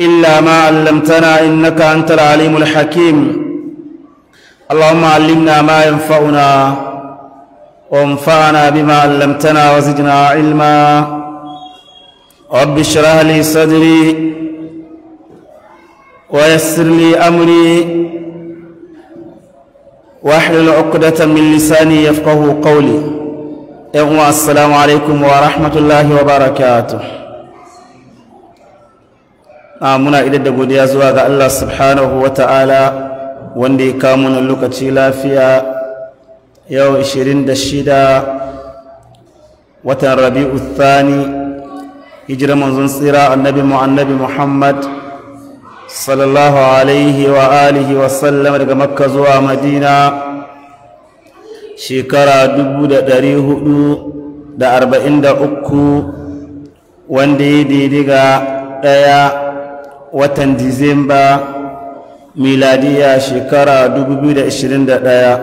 إلا ما علمتنا إنك أنت العليم الحكيم اللهم علمنا ما ينفعنا وانفعنا بما علمتنا وزدنا علما رب اشرح لي صدري ويسر لي أمري واحلل عقدة من لساني يفقه قولي السلام عليكم ورحمة الله وبركاته Ah, muna idan da godiya zuwa ga Allah subhanahu wa ta'ala wanda ya kamo na lokaci lafiya yau 26 watan rabi'u thani hijira manzon tsira annabi mu annabi Muhammad sallallahu alaihi wa alihi wa sallam daga makka zuwa madina shekara 443 wanda ya daidai ga ɗaya watan disamba miladiya shekara 2021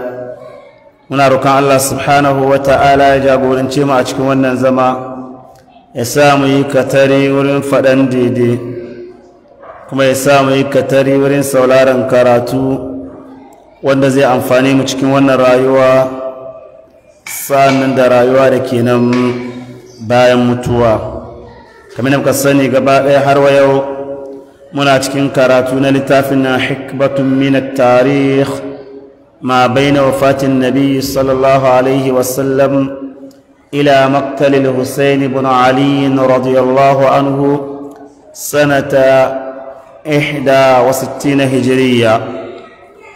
muna roƙon Allah subhanahu wa ta'ala ya jagorance mu a cikin wannan zama ya sa mu yi katari wurin faɗan daidai kuma ya sa mu yi katari wurin sauraron karatu wanda zai amfani mu cikin wannan rayuwa sa'annan da rayuwa da ke bayan mutuwa kamar da muka sani gaba ɗaya har wa yau مناتكين كاراتون لتافنا حكبة من التاريخ ما بين وفاة النبي صلى الله عليه وسلم إلى مقتل الحسين بن علي رضي الله عنه سنة إحدى وستين هجرية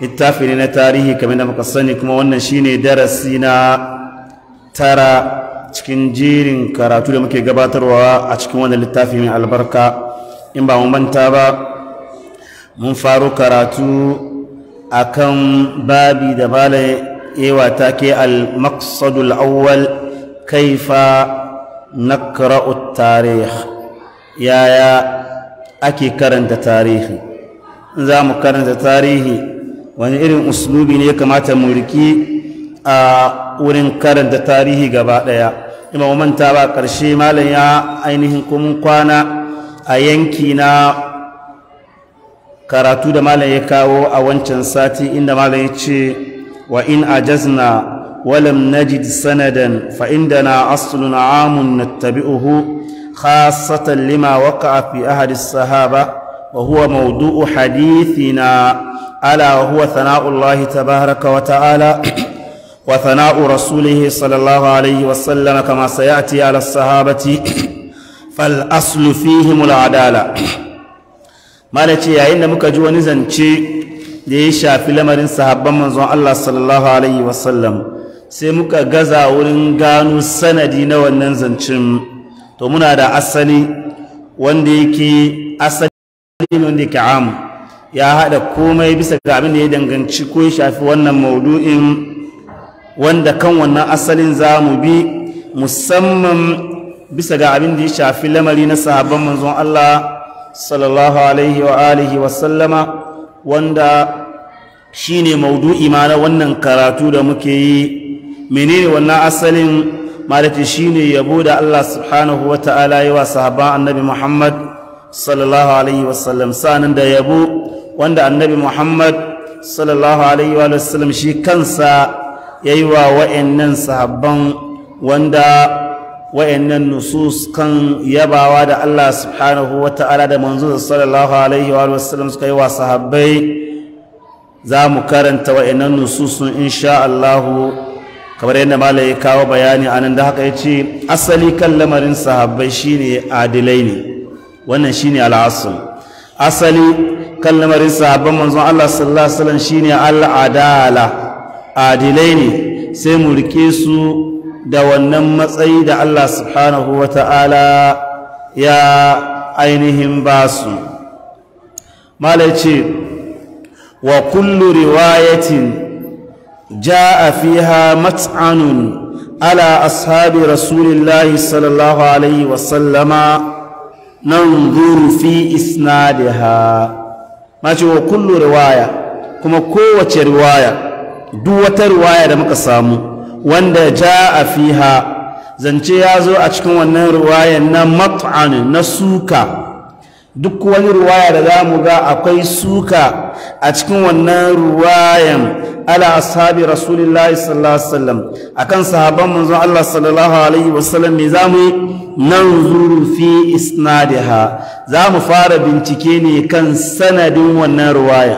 لتافنا تاريخ كما نمكسنكم ونشيني درسنا ترى cikin jerin karatu da muke gabatarwa a cikin wannan littafi mai in ba mu manta ba mun faru karatu akan babi da bala ewa ke al-maqsadul awwal kaifa nakra'u tarih yaya ake karanta tarihi za mu karanta tarihi wani irin uslubi ne ya kamata mu riki a wurin karanta tarihi gaba daya imam manta ba karshe malam ya ainihin kuma kwana a yanki na karatu da malam ya kawo a wancan sati inda malam ya ce wa in ajazna walam najid sanadan fa indana aslun amun nattabi'uhu khasatan lima waqa'a fi ahadi sahaba wa huwa mawdu'u hadithina ala wa huwa thana'u Allah tabaaraka wa ta'ala wa thana'u rasulih sallallahu alayhi wa sallam kama sayati ala sahabati fal aslu fihim adala mala ce yayin da muka ji wani zance da ya shafi lamarin sahabban manzon Allah sallallahu alaihi wasallam sai muka gaza wurin gano sanadi na wannan zancen to muna da asali wanda yake asali wanda yake am ya haɗa komai bisa ga abin da ya danganci ko ya shafi wannan maudu'in wanda kan wannan asalin za mu bi musamman bisa ga abin da ya shafi lamari na sahabban manzon Allah sallallahu alaihi wa alihi wa sallama wanda shine maudu'i ma na wannan karatu da muke yi menene wannan asalin malati shine yabo da Allah subhanahu wa ta'ala yi wa sahabban annabi Muhammad sallallahu alaihi wa sallam sanan da yabo wanda annabi Muhammad sallallahu alaihi wa sallam shi kansa yayi wa wa'annan sahabban wanda wa'annan nusus kan yabawa da Allah subhanahu wa ta'ala da manzo sallallahu alaihi wa sallam suka yi wa sahabbai za mu karanta wa'annan nususun insha Allah kamar yadda malai ya kawo bayani anan da haka ya ce asali kan lamarin sahabbai shine adilai ne wannan shine al'asul asali kan lamarin sahabban manzon Allah sallallahu alaihi wa sallam shine al'adala adilai ne sai mu rike su da wannan matsayi da Allah subhanahu wa ta’ala ya ainihin ba su. Malaice, wa kullu riwayatin ja a fi ha mat’anun ala ashabi rasulillahi sallallahu Alaihi wasallama nan zuru fi isnadiha. Mace, wa kullu riwaya, kuma kowace riwaya, duk wata riwaya da muka samu. wanda fi fiha zance ya zo a cikin wannan ruwaya na mat'an na suka duk wani ruwaya da za mu ga akwai suka a cikin wannan ruwayan ala ashabi rasulillahi sallallahu alaihi wasallam akan sahabban manzo Allah sallallahu alaihi wasallam me za mu yi nanzuru fi isnadiha za mu fara bincike ne kan sanadin wannan ruwaya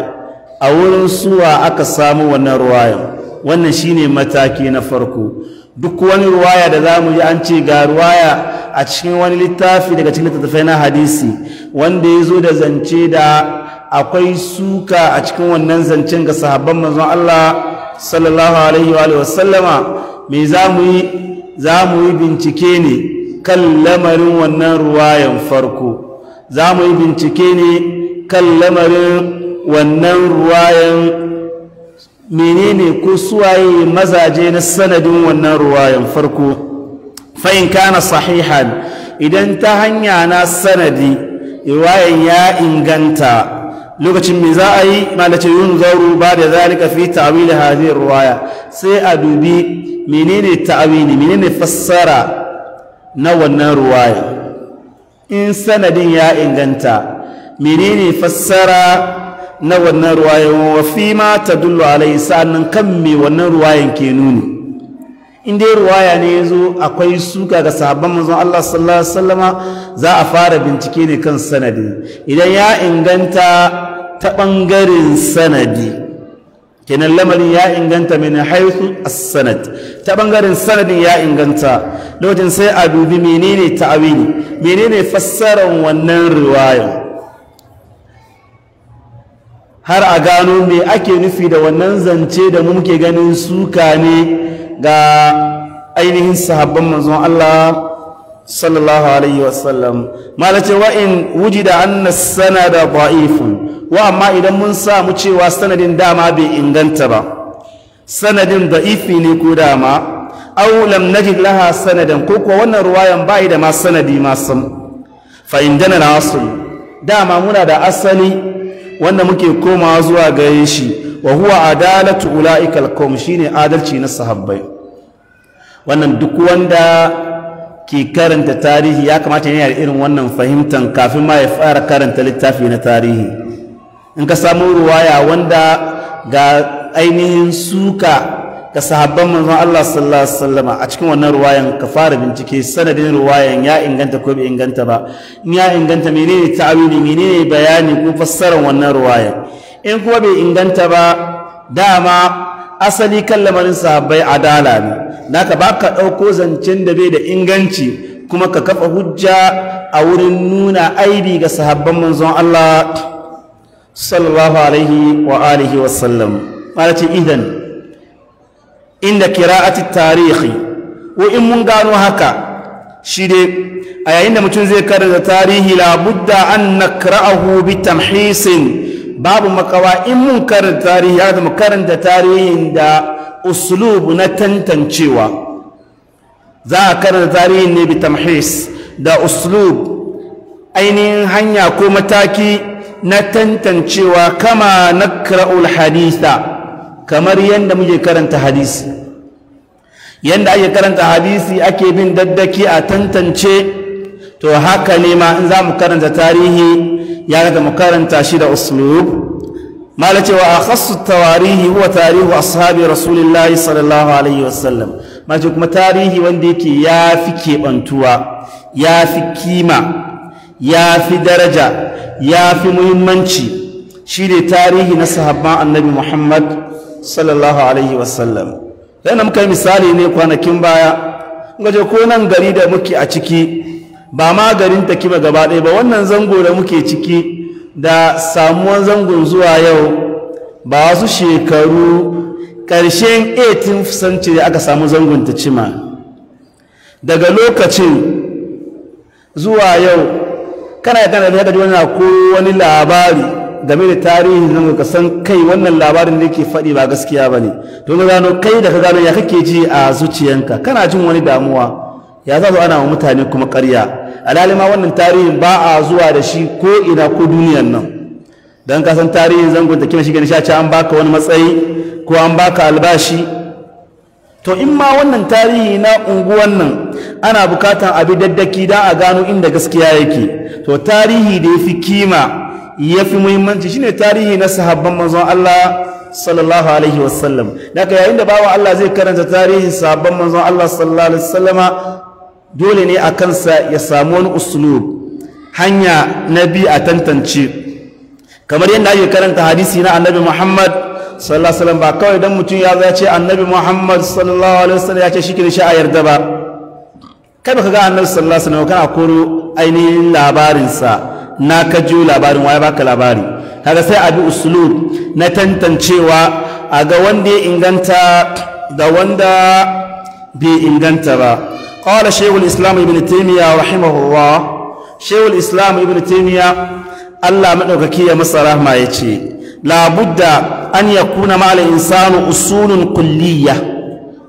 a wurin suwa aka samu wannan ruwayan wannan shine mataki na farko duk wani ruwaya da zamu yi an ce ga ruwaya a cikin wani littafi daga cikin littattafai na hadisi wanda ya zo da zance da akwai suka a cikin wannan zancen ga sahabban manzon Allah sallallahu alaihi wa alihi wasallama me zamu yi zamu yi bincike ne kan lamarin wannan ruwayan farko zamu yi bincike ne kan lamarin wannan ruwayan menene ko suwaye mazaje na sanadin wannan ruwayan farko fa'in kana sahihan idan ta hanya na sanadi riwayan ya inganta lokacin me za a yi malace yun zauru ba da zalika fi ta'wil hadhihi ruwaya sai a dubi menene ta'wili menene fassara na wannan ruwaya in sanadin ya inganta menene fassara na wannan ruwayan wa fi ma ta dullu alaihi sa'annan kan me wannan ruwayan ke nuni in dai ruwaya ne ya zo akwai suka ga sahabban manzon Allah sallallahu alaihi wasallama za a fara bincike ne kan sanadi idan ya inganta ta bangaren sanadi kenan lamarin ya inganta min haythu as-sanad ta bangaren sanadin ya inganta lokacin sai a dubi menene ta'awili menene fassarar wannan riwaya har a gano me ake nufi da wannan zance da muke ganin suka ne ga ainihin sahabban manzon Allah sallallahu alaihi wasallam malace wa in wujida anna sanada da'ifun wa amma idan mun samu cewa sanadin dama bai inganta ba sanadin da'ifi ne ko dama aw lam najid laha sanadan ko kuwa wannan ruwayan bai da ma sanadi ma sam fa indana dama muna da asali wanda muke komawa zuwa gare shi wa huwa adalatu ulaika alqawm shine adalci na sahabbai wannan duk wanda ke karanta tarihi ya kamata yana da irin wannan fahimtan kafin ma ya fara karanta littafi na tarihi in ka samu ruwaya wanda ga ainihin suka da sahabban manzon Allah sallallahu alaihi wasallama a cikin wannan ruwayan ka fara bincike sanadin ruwayan ya inganta ko bai inganta ba in ya inganta menene ta'awili menene bayani ko fassarar wannan ruwayan in kuma bai inganta ba dama asali kan lamarin sahabbai adala ne naka baka dauko zancen da bai da inganci kuma ka kafa hujja a wurin nuna aibi ga sahabban manzon Allah sallallahu alaihi wa alihi wasallam ce idan inda kira'ati tarihi wa in mun gano haka shi dai a yayin da mutum zai karanta tarihi labudda an nakra'ahu bi tamhisin babu makawa in mun karanta tarihi haka mu karanta tarihin da uslub na tantancewa za a karanta tarihin ne bi tamhis da uslub ainihin hanya ko mataki na tantancewa kama nakra'ul haditha kamar yadda muke karanta hadisi yadda ake karanta hadisi ake bin daddaki a tantance to haka ne ma in za mu karanta tarihi ya ga mu karanta shi da uslub mala cewa a khassu tawarihi huwa tarihu ashabi rasulillahi sallallahu alaihi wasallam mace kuma tarihi wanda yake ya fi keɓantuwa ya fi kima ya fi daraja ya fi muhimmanci shi ne tarihi na sahabban annabi muhammad sallallahu alaihi wasallam yana muka yi misali ne kwanakin baya gaje ko nan gari da muke a ciki ba ma garin kiba gaba ɗaya ba wannan zango da muke ciki da samuwan zangon zuwa yau ba wasu shekaru ƙarshen 18th century aka samu zangon ta cima daga lokacin zuwa yau kana kana da wani ko wani labari game da tarihin nan ka san kai wannan labarin da yake faɗi ba gaskiya ba ne to ka gano kai da ka gano ya kake ji a zuciyanka kana jin wani damuwa ya za zo ana wa mutane kuma ƙarya alalima wannan tarihin ba a zuwa da shi ko ina ko duniyan nan don ka san tarihin zangon kima shi gani shace an baka wani matsayi ko an baka albashi to in ma wannan tarihi na unguwan nan ana bukatan abi daddaki da a gano inda gaskiya yake to tarihi da ya fi kima ya fi muhimmanci shine tarihi na sahabban manzon Allah sallallahu alaihi wasallam daga yayin da bawa Allah zai karanta tarihin sahabban manzon Allah sallallahu alaihi wasallama dole ne a kansa ya samu wani uslub hanya na bi a tantance kamar yadda ake karanta hadisi na annabi Muhammad sallallahu alaihi wasallam ba kawai dan mutum ya zai ce annabi Muhammad sallallahu alaihi wasallam ya ce shi kin sha a yarda ba kai baka ga annabi sallallahu alaihi wasallam kana koro ainihin labarinsa na ka jiyo labarin waye baka labari kaga sai abi usulub na tantancewa a ga wanda ya inganta da wanda bai inganta ba qala shaykhul islam ibn taymiya rahimahullah shaykhul islam ibn taymiya Allah madaukaki ya masa rahma yace la budda an yakuna ma'al insanu usulun kulliyya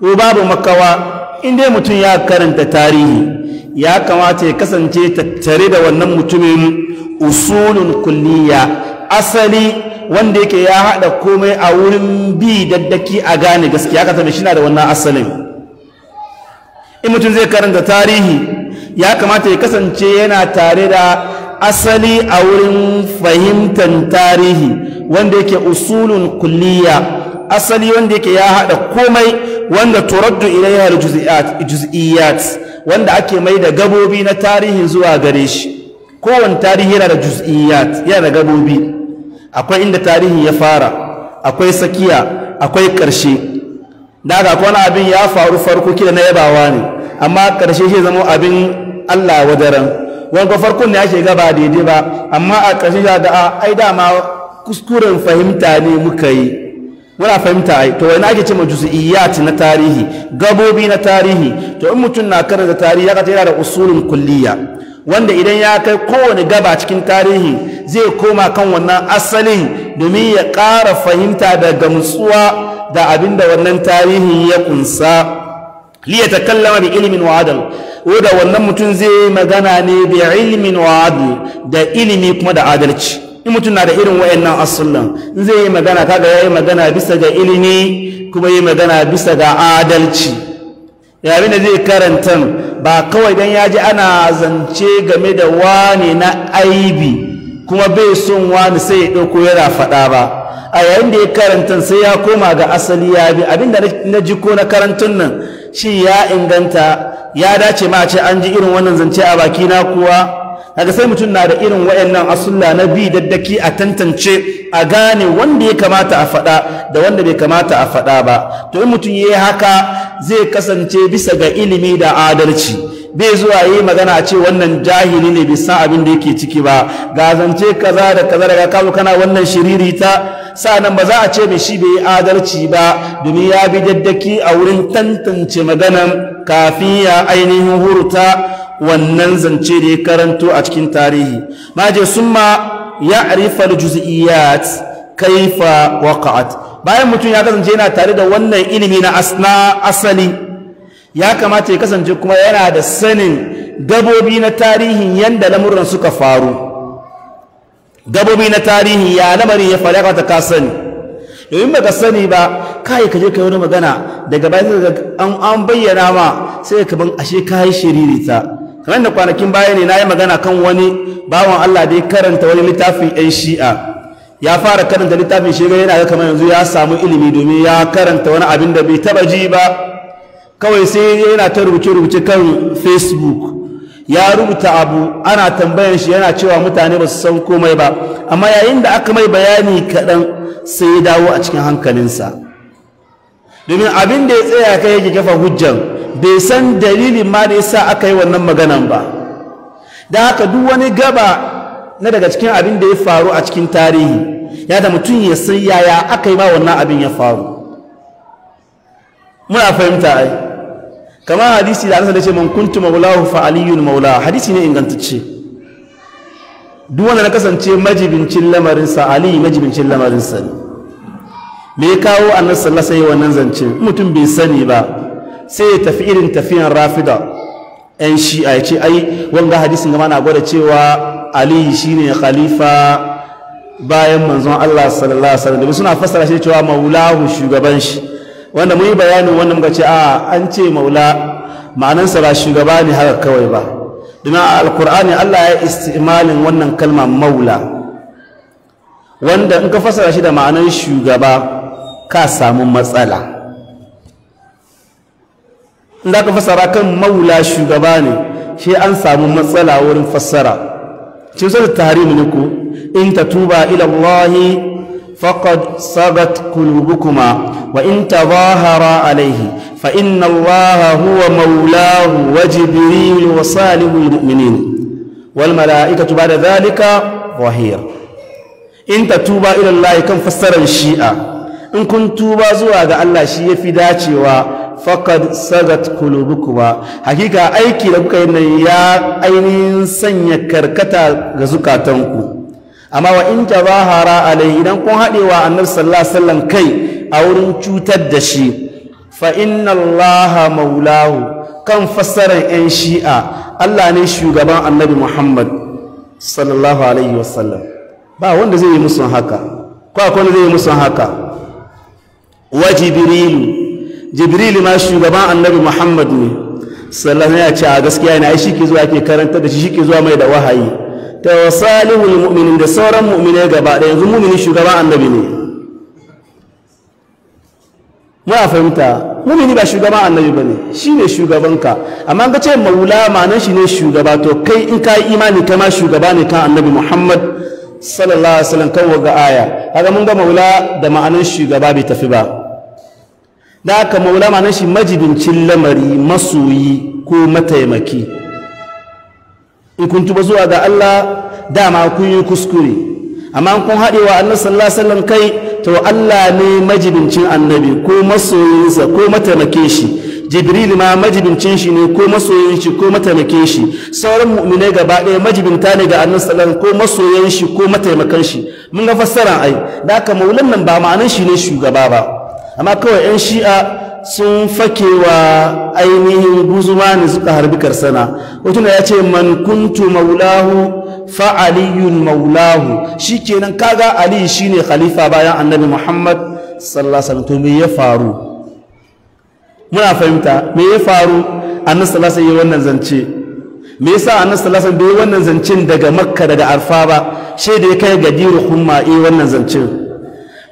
babu makawa in dai mutum ya karanta tarihi ya kamata ya kasance tattare da wannan mutumin usulun kulliya asali wanda yake ya haɗa komai a wurin bi daddaki a gane gaskiya ka tafi shina da wannan asalin in mutum zai karanta tarihi ya kamata ya kasance yana tare da asali a wurin fahimtar tarihi wanda yake usulun kulliya asali wanda yake ya haɗa komai wanda turaddu ilayya juz'iyat wanda ake mai da gabobi na tarihi zuwa gare shi kowane tarihi yana da juziyyat yana da gabobi akwai inda tarihi ya fara akwai sakiya akwai ƙarshe ga wani abin ya faru farko kila na yabawa ne amma ƙarshe shi zama abin Allah wadaran wanda farko ne ake gaba daidai ba amma a ƙarshe da a ai dama kuskuren fahimta ne muka yi muna fahimta ai to wani ake ce ma juz'iyyat na tarihi gabobi na tarihi to in mutum na karanta tarihi ya yana da usulun kulliya wanda idan ya kai kowane gaba cikin tarihi zai koma kan wannan asalin domin ya ƙara fahimta da gamsuwa da abin da wannan tarihi ya kunsa liya ta kallama da ilimin wa o da wannan mutum zai magana ne da ilimin wa da ilimi kuma da adalci in mutum na da irin wayannan asullan in zai yi magana kaga yayi magana bisa ga ilimi kuma yi magana bisa ga adalci yayin da zai karanta ba kawai dan ya ji ana zance game da wani na aibi kuma bai son wani sai ya ɗauko yana faɗa ba a yayin da ya karanta sai ya koma ga asali ya bi abinda na ji ko na karantun nan shi ya inganta ya dace ma ce an ji irin wannan zance a baki na kuwa daga sai mutum na da irin wayannan asulla na bi daddaki a tantance a gane wanda ya kamata a faɗa da wanda bai kamata a faɗa ba to in mutum yayi haka zai kasance bisa ga ilimi da adalci bai zuwa yi magana a ce wannan jahili ne bai abin da yake ciki ba ga zance kaza da kaza daga kawo kana wannan shiririta nan ba za a ce mai shi bai yi adalci ba domin ya bi daddaki a wurin tantance maganan kafin ya ainihin hurta wannan zance da ya karanto a cikin tarihi je summa ya arifar juz'iyat kaifa waqa'at bayan mutum ya kasance yana tare da wannan ilimi na asali ya kamata ya kasance kuma yana da sanin gabobi na tarihin yanda lamuran suka faru gabobi na tarihi ya lamari ya faru ya kamata ka sani domin baka sani ba kai ka je ka yi wani magana daga bayan an bayyana ma sai ka ban ashe ka yi shiririta kamar da kwanakin baya ne na yi magana kan wani bawan Allah da ya karanta wani littafin 'yan shi'a ya fara karanta littafin shiga yana ga kamar yanzu ya samu ilimi domin ya karanta wani abin da bai taba ji ba kawai sai yana ta rubuce-rubuce kan facebook ya rubuta abu ana tambayan shi yana cewa mutane ba su san komai ba amma yayin da aka mai bayani kaɗan sai ya dawo a cikin hankalinsa domin abin da ya tsaya ka yake kafa hujjan bai san dalilin ma da yasa aka yi wannan maganan ba da haka duk wani gaba na daga cikin abin da ya faru a cikin tarihi ya da mutum ya san yaya aka yi ma wannan abin ya faru muna fahimta ai kama hadisi da anasa da ce man kuntu maulahu fa aliyun maula hadisi ne ingantacce duk wanda na kasance majibincin lamarinsa ali majibincin lamarinsa ne me ya kawo annabi sallallahu alaihi wannan zance mutum bai sani ba sai ya tafi irin tafiyan rafida yan shi'a ya ce ai wanga hadisin gama na gwada cewa ali shine khalifa bayan manzon Allah sallallahu alaihi wasallam suna fassara shi cewa maulahu shugaban shi wanda mun yi bayanin wannan muka ce a an ce maula ma'anansa ba shugaba ne haka kawai ba domin a alkur'ani Allah ya istimalin wannan kalma maula wanda in ka fassara shi da ma'anan shugaba ka samu matsala inda ka fasara kan maula shugaba ne shi an samu matsala wurin fasara. cin sun tarihi ne ku in ta tuba ilallahi faqad sagat kulubukuma wa in tazahara alaihi fa inna allaha huwa maulahu wa jibril wa salihul mu'minin wal malaikatu ba'da dhalika wahir in ta tuba ilallahi kan fassaran shi'a in kun tuba zuwa ga Allah shi ya fi dacewa faqad sagat ba. hakika aiki da kuka yi nan ya ainihin sanya karkata ga zukatanku amma wa in tabahara alai idan kun haɗewa wa annar alaihi kai a wurin cutar da shi fa inna allaha maulahu kan fassarar 'yan shi'a Allah ne shugaban annabi Muhammad sallallahu alaihi wasallam ba wanda zai yi musu haka ko akwai wanda zai yi musu haka wa jibrilu jibrilu ma shugaban annabi muhammad ne sallallahu ya ce a gaskiya ina shi ke zuwa ke karanta da shi shi ke zuwa mai da wahayi ta wasalihul mu'minin da sauran mu'minai gaba da yanzu mu'mini shugaban annabi ne muna fahimta mumini ba shugaban annabi bane ne shugabanka amma an ga ce maula ma'anar shi ne shugaba to kai in ka yi imani kai ma shugaba ne kan annabi muhammad sallallahu alaihi wasallam kan waga aya kaga mun ga maula da ma'anar shugaba bai tafi ba da aka maula ma shi majibincin lamari masoyi ko mataimaki in kun tuba zuwa ga Allah dama kun yi kuskure amma kun haɗe wa annabi sallallahu alaihi wasallam kai to Allah ne majibincin annabi ko masoyinsa ko mataimake shi jibril ma majibincin shi ne ko masoyin shi ko mataimake shi sauran mu'minai gaba ɗaya majibinta ne ga annabi sallallahu ko masoyin shi ko mataimakan shi mun ga fassara ai da aka maulan nan ba ma'anan shi ne shugaba ba amma kawai 'yan shi'a sun fake wa ainihin guzumani suka harbi karsana hotuna ya ce man kuntu maulahu fa aliyun maulahu kenan kaga ali shine khalifa bayan annabi muhammad sallallahu to me ya faru muna fahimta me ya faru annabi sallallahu alaihi wannan zance me yasa annabi sallallahu alaihi wannan zancen daga makka daga arfa ba ya kai gadiru humma eh wannan zancen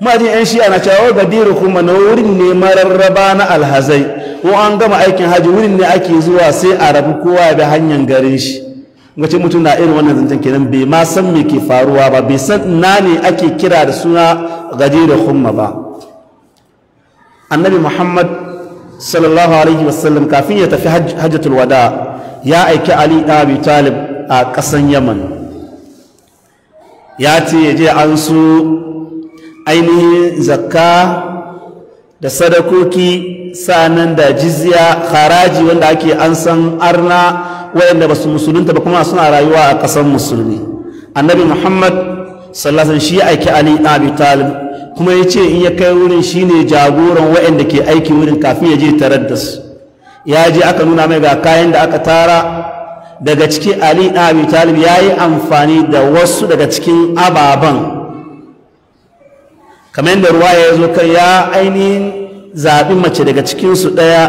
majin yan shi'a na cewa gadiru kuma na wurin ne mararraba na alhazai ko an gama aikin haji wurin ne ake zuwa sai a rabu kowa bi hanyar garin shi gace mutum na irin wannan zancen kenan bai ma san me ke faruwa ba bai san ina ne ake kira da suna gadiru kuma ba annabi muhammad sallallahu alaihi wasallam kafin ya tafi hajjatul wada ya aiki ali abi talib a ƙasan yaman ya ce ya je an su ainihin zakka da sadakoki sanan da jizya haraji wanda ake an san arna wayanda ba su musulunta ba kuma suna rayuwa a ƙasar musulmi annabi muhammad sallasan shi aiki ali abi talib kuma ya ce in ya kai wurin shine jagoran waɗanda ke aiki wurin kafin ya je tarar da su ya je aka nuna mai ga kayan da aka tara daga ciki ali abi talib ya yi amfani da wasu daga cikin ababen kamar yadda ruwa ya zo kan ya ainihin zaɓi mace daga cikinsu ɗaya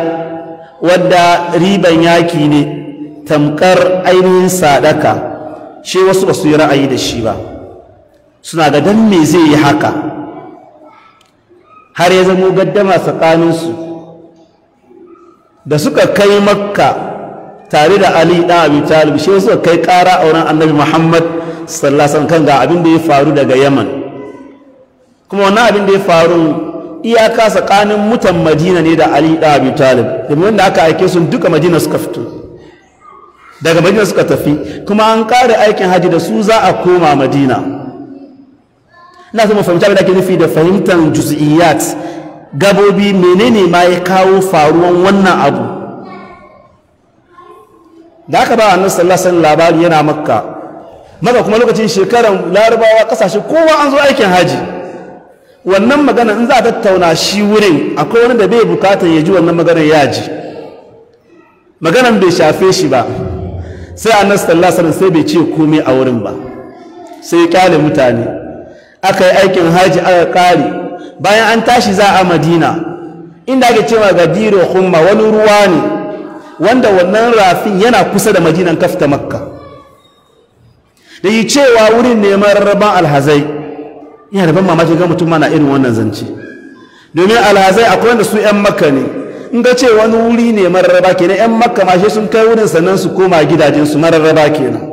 wadda riban yaki ne tamkar ainihin sadaka shi wasu ba su yi ra'ayi da shi ba suna ga dan me zai yi haka har ya zamo gaddama tsakaninsu da suka kai makka tare da Ali ɗan Abi Talib shi suka kai ƙara a wurin Annabi Muhammad sallallahu alaihi kan ga abin da ya faru daga Yaman kuma wannan abin da ya faru iyaka tsakanin mutan madina ne da ali da abu talib domin wanda aka aike su duka madina suka fito daga madina suka tafi kuma an kare aikin hajji da su za a koma madina ina su mafahimci abin da ake nufi da fahimtar juz'iyat gabobi menene ma ya kawo faruwan wannan abu da aka ba a nan sallasan labari yana makka maka kuma lokacin shekaran larabawa kasashe kowa an zo aikin hajji. wannan magana in za a tattauna shi wurin akwai wani da bai bukatar ya ji wannan maganar ya ji maganar bai shafe shi ba sai a sallallahu alaihi sai bai ce komai a wurin ba sai kyale mutane aka yi aikin haji aka kare bayan an tashi za a madina inda ake cewa gadiro humma wani ruwa ne wanda wannan rafin yana kusa da madinan kafta makka da yi cewa wurin neman rarraban alhazai yana da ban mamaki ga mutum mana irin wannan zance domin alhazai akwai wanda su 'yan makka ne in ga ce wani wuri ne mararraba kenan 'yan makka ma shi sun kai wurin sannan su koma gidajen su mararraba kenan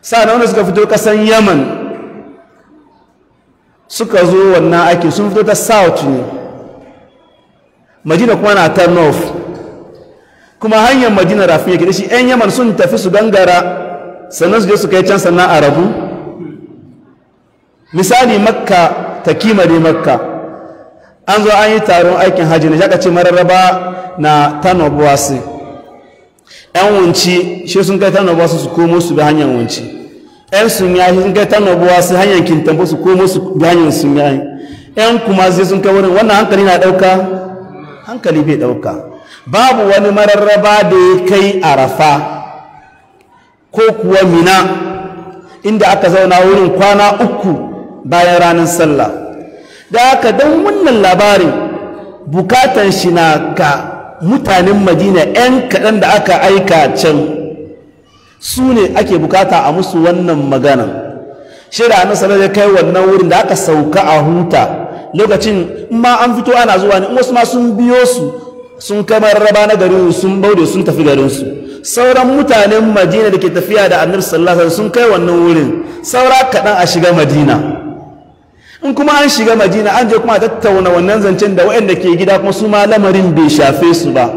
sa'an wanda suka fito kasan yaman suka zo wannan aikin sun fito ta south ne madina kuma na ta north kuma hanyar madina rafi ke da shi 'yan yaman sun tafi su gangara sannan su je su kai can sannan a rabu misali makka ta kimare makka an zo an yi taron aikin hajji na shaka ce mararraba na tanobuwasi yan wunci shi sun kai tanobuwasi su komo su bi hanyar wunci yan sun yashi sun kai tanobuwasi hanyar kintambo su komo su bi hanyar sun yi yan kuma zai sun kai wurin wannan hankali na ɗauka hankali bai ɗauka babu wani mararraba da ya kai arafa ko kuwa mina inda aka zauna wurin kwana uku bayan ranar sallah da haka don wannan labarin bukatan shi na ka mutanen madina 'yan kaɗan da aka aika can su ne ake bukata a musu wannan magana shirya na sanar da kai wannan wurin da aka sauka a huta lokacin ma an fito ana zuwa ne wasu ma sun biyo su sun kamar raba na garin sun baude sun tafi garinsu sauran mutanen madina da ke tafiya da annabi sallallahu alaihi sun kai wannan wurin saura kaɗan a shiga madina in kuma an shiga madina an je kuma tattauna wannan zancen da waɗanda ke gida kuma su ma lamarin bai shafe su ba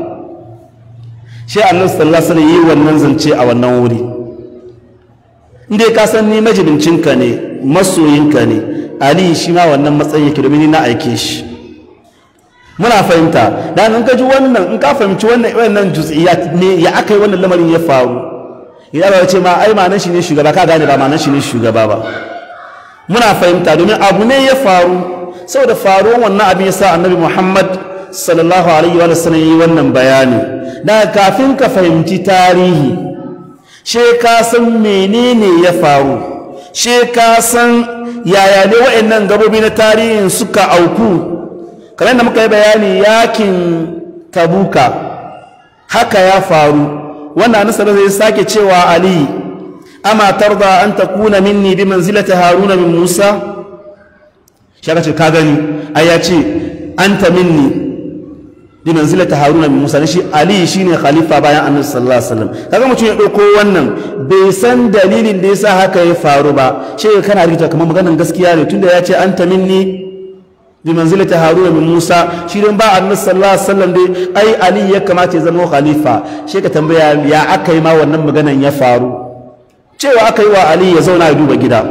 shi annabi sallallahu alaihi yi wannan zance a wannan wuri inda ka san ni majibincinka ne masoyinka ne ali shi ma wannan matsayin yake domin na aike shi muna fahimta da in ka ji wannan in ka fahimci wannan wannan juz'iyat ne ya aka yi wannan lamarin ya faru ya ba ce ma ai ma nan shi ne shugaba ka gane ba ma nan shi ne shugaba ba muna fahimta domin abu ne ya faru saboda faruwan wannan abin ya sa annabi muhammad sallallahu alaihi wa sallam yi wannan bayani daga kafin ka fahimci tarihi she ka san menene ya faru she ka san yaya ne wa'annan gabobi na tarihin suka auku kamar da muka yi bayani yakin tabuka haka ya faru wannan nasarar zai sake cewa ali amma tarda an takuna minni bi manzilati haruna min musa shaka ce ka gani ai ya ce anta minni bi manzilati haruna min musa shi ali shine khalifa bayan annabi sallallahu alaihi wasallam kaga mutum ya doko wannan bai san dalilin da yasa haka ya faru ba shi kana rita kamar maganan gaskiya ne tunda ya ce anta minni bi ta haruna min musa shi don ba annabi sallallahu alaihi wasallam dai ai ali ya kamata ya zama khalifa shi ka tambaya ya aka yi ma wannan maganan ya faru cewa aka yi wa ali ya zauna ya duba gida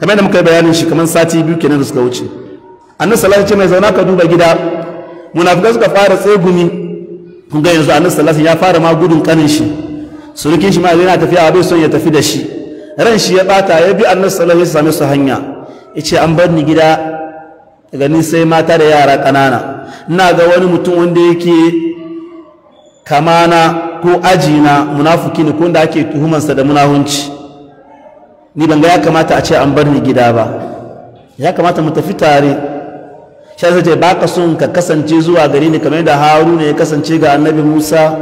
kamar da muka yi bayanin shi kamar sati biyu kenan da suka wuce annabi sallallahu ce mai zauna ka duba gida munafikai suka fara tsegumi kun ga yanzu annabi sallallahu ya fara ma gudun kanin shi surukin shi ma yana tafiya bai son ya tafi da shi ran shi ya bata ya bi annabi sallallahu ya same su hanya yace an bar ni gida daga ni sai mata da yara kanana ina ga wani mutum wanda yake kamana ko ajina munafuki ne ko da ake tuhumansa da munahunci ni ban ga ya kamata a ce an bar ni gida ba ya kamata mu tafi tare shi ya ce baka son ka kasance zuwa gari ne kamar da haruna ya kasance ga annabi musa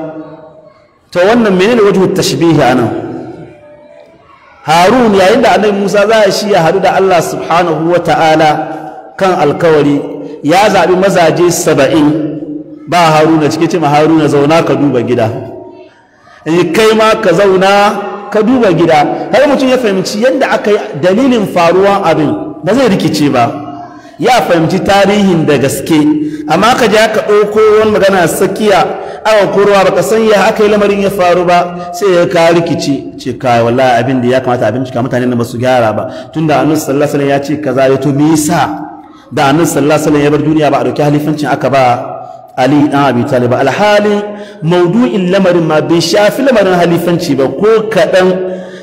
to wannan menene wajhu tashbihi anan harun yayin da annabi musa za shi ya hadu da allah subhanahu wa ta'ala kan alkawari ya zaɓi mazaje saba'in ba haruna cike ce ma haruna zauna ka duba gida in eh, kai ma ka zauna ka duba gida har mutum ya fahimci yadda aka yi dalilin faruwa abin ba zai rikice ba ya fahimci tarihin da gaske amma ka ja ka ɗauko wani magana sakiya awa kurwa baka san ya haka lamarin ya faru ba sai ya ka rikice ce ka wallahi abin da ya kamata abin cika mutane na basu gyara ba tunda annabi sallallahu alaihi wasallam ya ce kaza ya to me yasa da annabi sallallahu alaihi ya bar duniya ba a dauki halifancin aka ba ali dan abi talib alhali maudu'in lamarin ma bai shafi lamarin halifanci ba ko kaɗan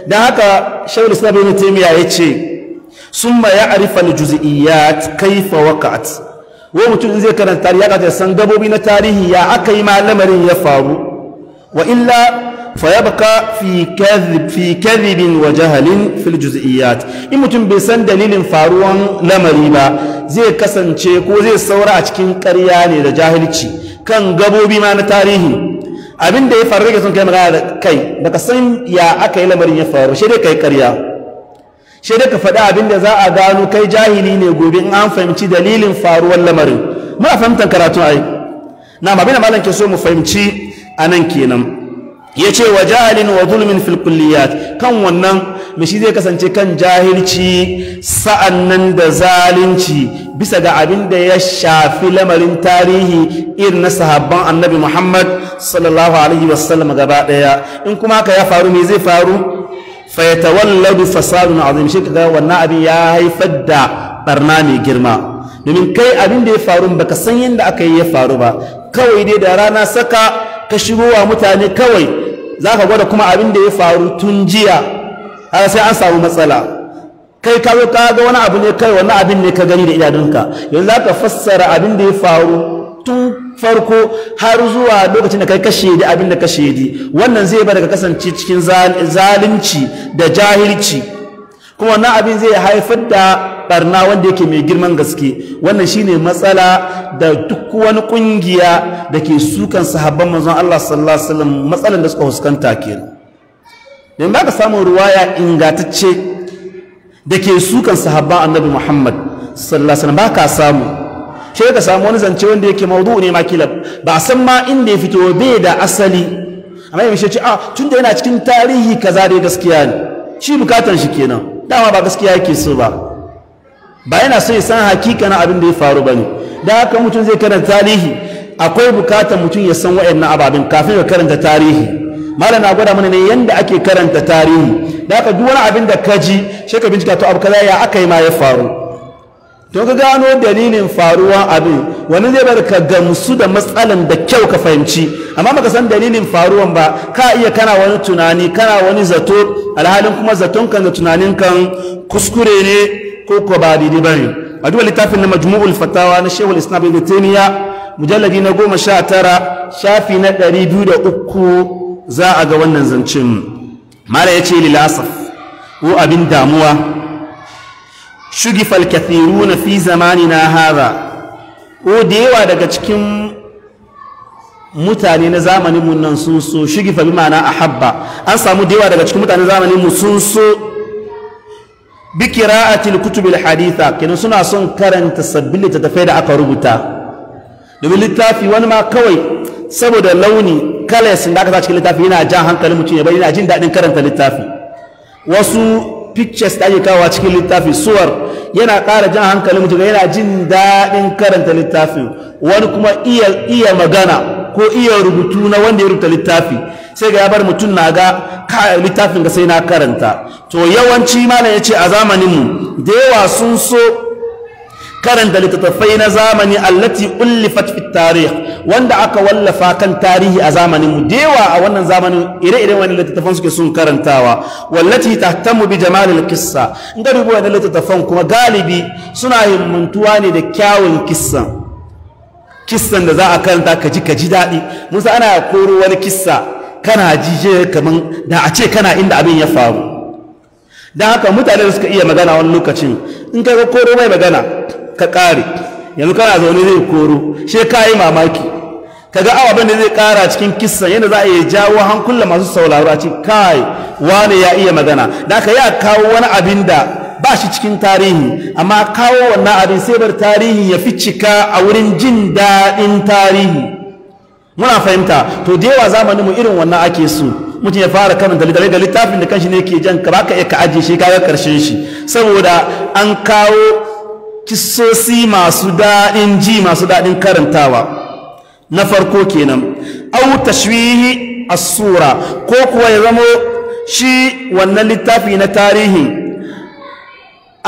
dan haka shawul islam ibn taymiya yace summa ya'rifa al-juz'iyyat kayfa waqa'at wa mutum zai karanta tarihi ya san gabobi na tarihi ya aka yi ma lamarin ya faru wa illa fayabka fi kadhib fi kadhibin wa jahalin fil in mutum bai san dalilin faruwan lamari ba zai kasance ko zai saura a cikin karya ne da jahilci kan gabobi ma na tarihi abin da ya faru kake son kai magana da kai baka san ya aka yi lamarin ya faru shi dai kai ƙarya shi dai ka faɗi abin da za a gano kai jahili ne gobe in an fahimci dalilin faruwar lamarin muna fahimtar karatu ai na abin da malam ke so mu fahimci a nan kenan ya ce wa jahalin wa zulmin fil kan wannan mishi zai kasance kan jahilci sa'annan da zalunci bisa ga abin da ya shafi lamarin tarihi irin na sahabban annabi muhammad sallallahu alaihi wasallam gaba daya in kuma ka ya faru me zai faru fa yatawalladu fasadun azim shi kaga wannan abin ya haifar da barna mai girma domin kai abin da ya faru baka san yadda aka yi ya faru ba kawai dai da rana saka ka shigo wa mutane kawai za ka gwada kuma abin da ya faru tun jiya har sai an samu matsala kai ka ga wani abu ne kai wani abin ne ka gani da idanunka yanzu za ka fassara abin da ya faru tun farko har zuwa lokacin da kai ka shaidi abin da ka shaidi wannan zai bar ka kasance cikin zalunci da jahilci kuma wannan abin zai haifar da barna wanda yake mai girman gaske wannan shine matsala da duk wani kungiya da ke sukan sahabban manzon Allah sallallahu alaihi wasallam matsalan da suka huskanta kenan dan baka samu ruwaya ingatacce da ke sukan sahabban annabi Muhammad sallallahu alaihi wasallam samu sai ka samu wani zance wanda yake maudu ne ma kilab ba a san ma inda ya fito bai da asali amma ya mishe ce a ah, tunda yana cikin tarihi kaza dai gaskiya ne shi bukatan shi kenan dama ba gaskiya yake so ba ba yana so ya san hakika na abin da ya faru ba ne da haka mutum zai karanta tarihi akwai bukatar mutum ya san waɗannan ababen kafin ya karanta tarihi malam na gwada mana ne yanda ake karanta tarihi da haka duk wani abin da ka ji shi ka bincika to abu kaza ya aka yi ma ya faru to ka gano dalilin faruwan abin wani zai bar ka gamsu da matsalan da kyau ka fahimci amma baka san dalilin faruwan ba ka iya kana wani tunani kana wani zato alhalin kuma zaton kan da tunanin kan kuskure ne ko ba daidai bane a duba littafin na majmu'ul fatawa na shehul islam ibn taymiya mujalladi na goma sha tara shafi na ɗari biyu da uku za a ga wannan zancen mala ya ce lilasaf ko abin damuwa shugifal kathiruna fi zamanina hadha ko da yawa daga cikin mutane na zamaninmu nan sun so shugifal ma'ana ahabba an samu da yawa daga cikin mutane zamaninmu sun so bikira a kutubil haditha kenan suna son karanta sabbin littattafai da aka rubuta domin littafi wani ma kawai saboda launi kalas da aka sa cikin littafi yana jan hankalin mutum ya bari yana jin daɗin karanta littafi wasu pictures da ake kawo cikin littafi suwar yana ƙara jan hankalin mutum yana jin daɗin karanta littafi wani kuma iya magana ko iya rubutu na wanda ya rubuta littafi sai ga ya bar mutum na ga littafin ga sai na karanta to yawanci malam ya ce a zamaninmu da yawa sun so karanta littattafai na zamani allati ullifat fit tarih wanda aka wallafa kan tarihi a zamanin mu yawa a wannan zamanin ire-ire wani littattafan suke sun karantawa wallati tahtamu bi jamalil qissa in ga rubuwa da littattafan kuma galibi suna himmantuwa ne da kyawun kissan kissan da za a karanta ka kaji ka ji daɗi musa ana koro wani kissa kana jije kamar da a ce kana inda abin ya faru don haka mutane da suka iya magana wani lokacin in ka koro mai magana ka kare yanzu kana zaune zai koro shi ka yi mamaki ga awaben da zai kara cikin kissan yadda za a iya jawo hankula masu sauraro a cikin kai wane ya iya magana da haka ya kawo wani abin da ba shi cikin tarihi amma kawo wannan abin sai bar tarihi ya fi cika a wurin jin daɗin tarihi muna fahimta to da yawa zamanin mu irin wannan ake so mutum ya fara karanta littafin da littafin da kanshi ne ke jan ka baka ka ajiye shi kaga karshen shi saboda an kawo kisosi masu daɗin ji masu daɗin karantawa na farko kenan au tashwihi as-sura ko kuwa ya zamo shi wannan littafi na tarihi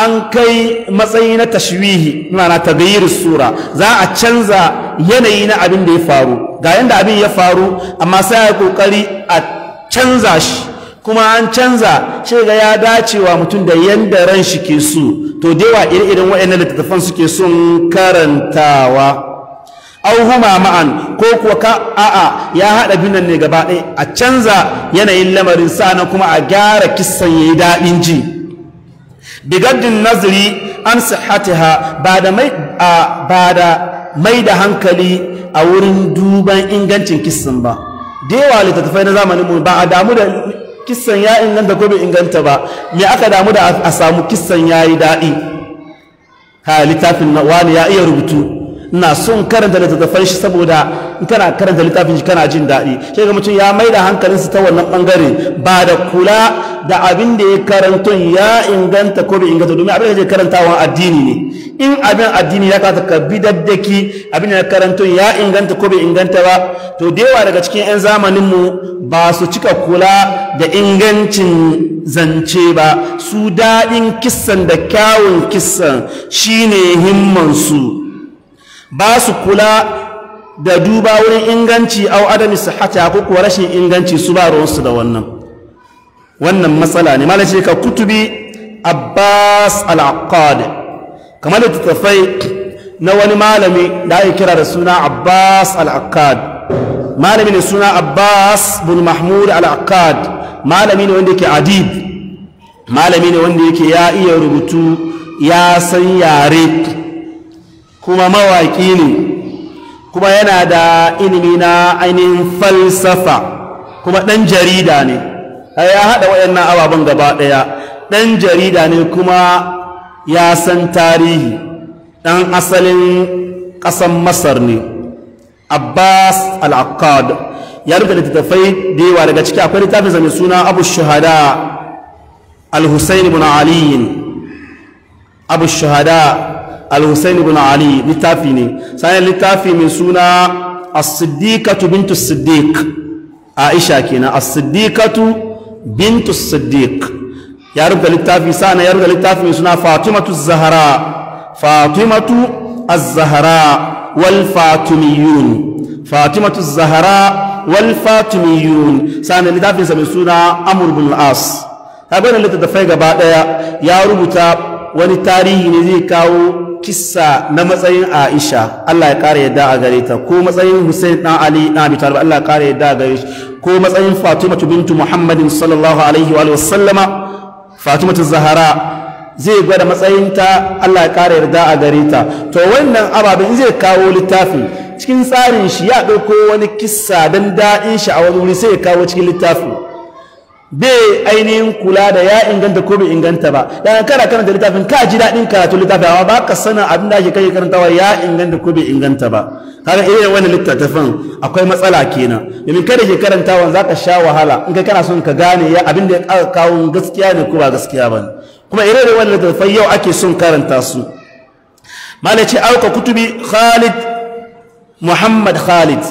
an kai matsayi na tashwihi ma'ana tabayyir sura za a canza yanayi na abin da ya faru ga yanda abin ya faru amma sai ya kokari a canza shi kuma an canza shi ga ya wa mutum da yanda ran shi ke so to da yawa waɗannan littattafan suke son karantawa au huma ma'an ko kuwa ka a'a ya haɗa binan ne gaba ɗaya a canza yanayin lamarin sa'anan kuma a gyara kissan yayi daɗin ji bigaddin nazari an su ba da mai ba da mai da hankali a wurin duban ingancin kissan ba dewa littattafai na zamanin mu ba a damu da kissan ya inganta ko bai inganta ba me aka damu da a samu kissan yayi daɗi ha littafin wani ya iya rubutu na son karanta littattafan shi saboda in kana karanta littafin shi kana jin daɗi shi ga mutum ya mai da hankalinsa ta wannan ɓangare ba da kula da abin da ya karanto ya inganta ko bai inganta domin abin da ya karantawan addini ne in abin addini ya kata ka bi daddaki abin da ya karanto ya inganta ko bai inganta ba to da yawa daga cikin 'yan mu ba su cika kula da ingancin zance ba su daɗin kissan da kyawun kissan shine himman su. ba su kula da duba wurin inganci au adami su hata kuwa rashin inganci su ba ruwansu da wannan wannan matsala ne malace ka kutubi abbas al-aqad kamar tafai na wani malami da ake kira da suna abbas al-aqad malami ne suna abbas bin mahmud al-aqad malami ne wanda yake adib malami ne wanda yake ya iya rubutu ya san yare kuma mawaƙi ne kuma yana da ilimi na ainihin falsafa kuma ɗan jarida ne ya haɗa waɗannan ababen gaba ɗaya ɗan jarida ne kuma ya san tarihi ɗan asalin ƙasan masar ne abbas al ya ya da littattafai da yawa daga ciki akwai littafin mai suna abu shahada al-husain ibn aliyin abu shahada al-Husayn ibn Ali littafi ne sai littafi mai suna as-siddiqatu bintu siddiq Aisha kenan as-siddiqatu bintu siddiq ya rubuta littafi sana ya rubuta littafi mai suna Fatimatu Zahra Fatimatu az-Zahra wal Fatimiyun Fatimatu Zahra wal Fatimiyun sana littafin sa mai suna Amr ibn al-As abin da gaba daya ya rubuta wani tarihi ne zai kawo kissa na matsayin Aisha Allah ya kare yadda a gare ta ko matsayin Hussein dan Ali dan Abi Talib Allah ya kare yadda a gare shi ko matsayin Fatima bintu Muhammadin sallallahu alaihi wa sallama Fatima Zahara zai gwada matsayin ta, Allah ya kare yadda a gare ta to wannan ababen zai kawo littafin cikin tsarin shi ya ɗauko wani kissa dan da'in shi a wani wuri sai ya kawo cikin littafin bai ainihin kula da ya inganta ko bai inganta ba dan kana karanta littafin ka ji daɗin karatu littafin amma ba ka sana abin da ake kai karantawa ya inganta ko bai inganta ba kaga irin wani littafin akwai matsala kenan domin kada ke karantawa za ka sha wahala in kai kana son ka gane ya abin da ya kawo gaskiya ne ko ba gaskiya ba kuma irin wani littattafan yau ake son karanta su ce auka kutubi khalid muhammad khalid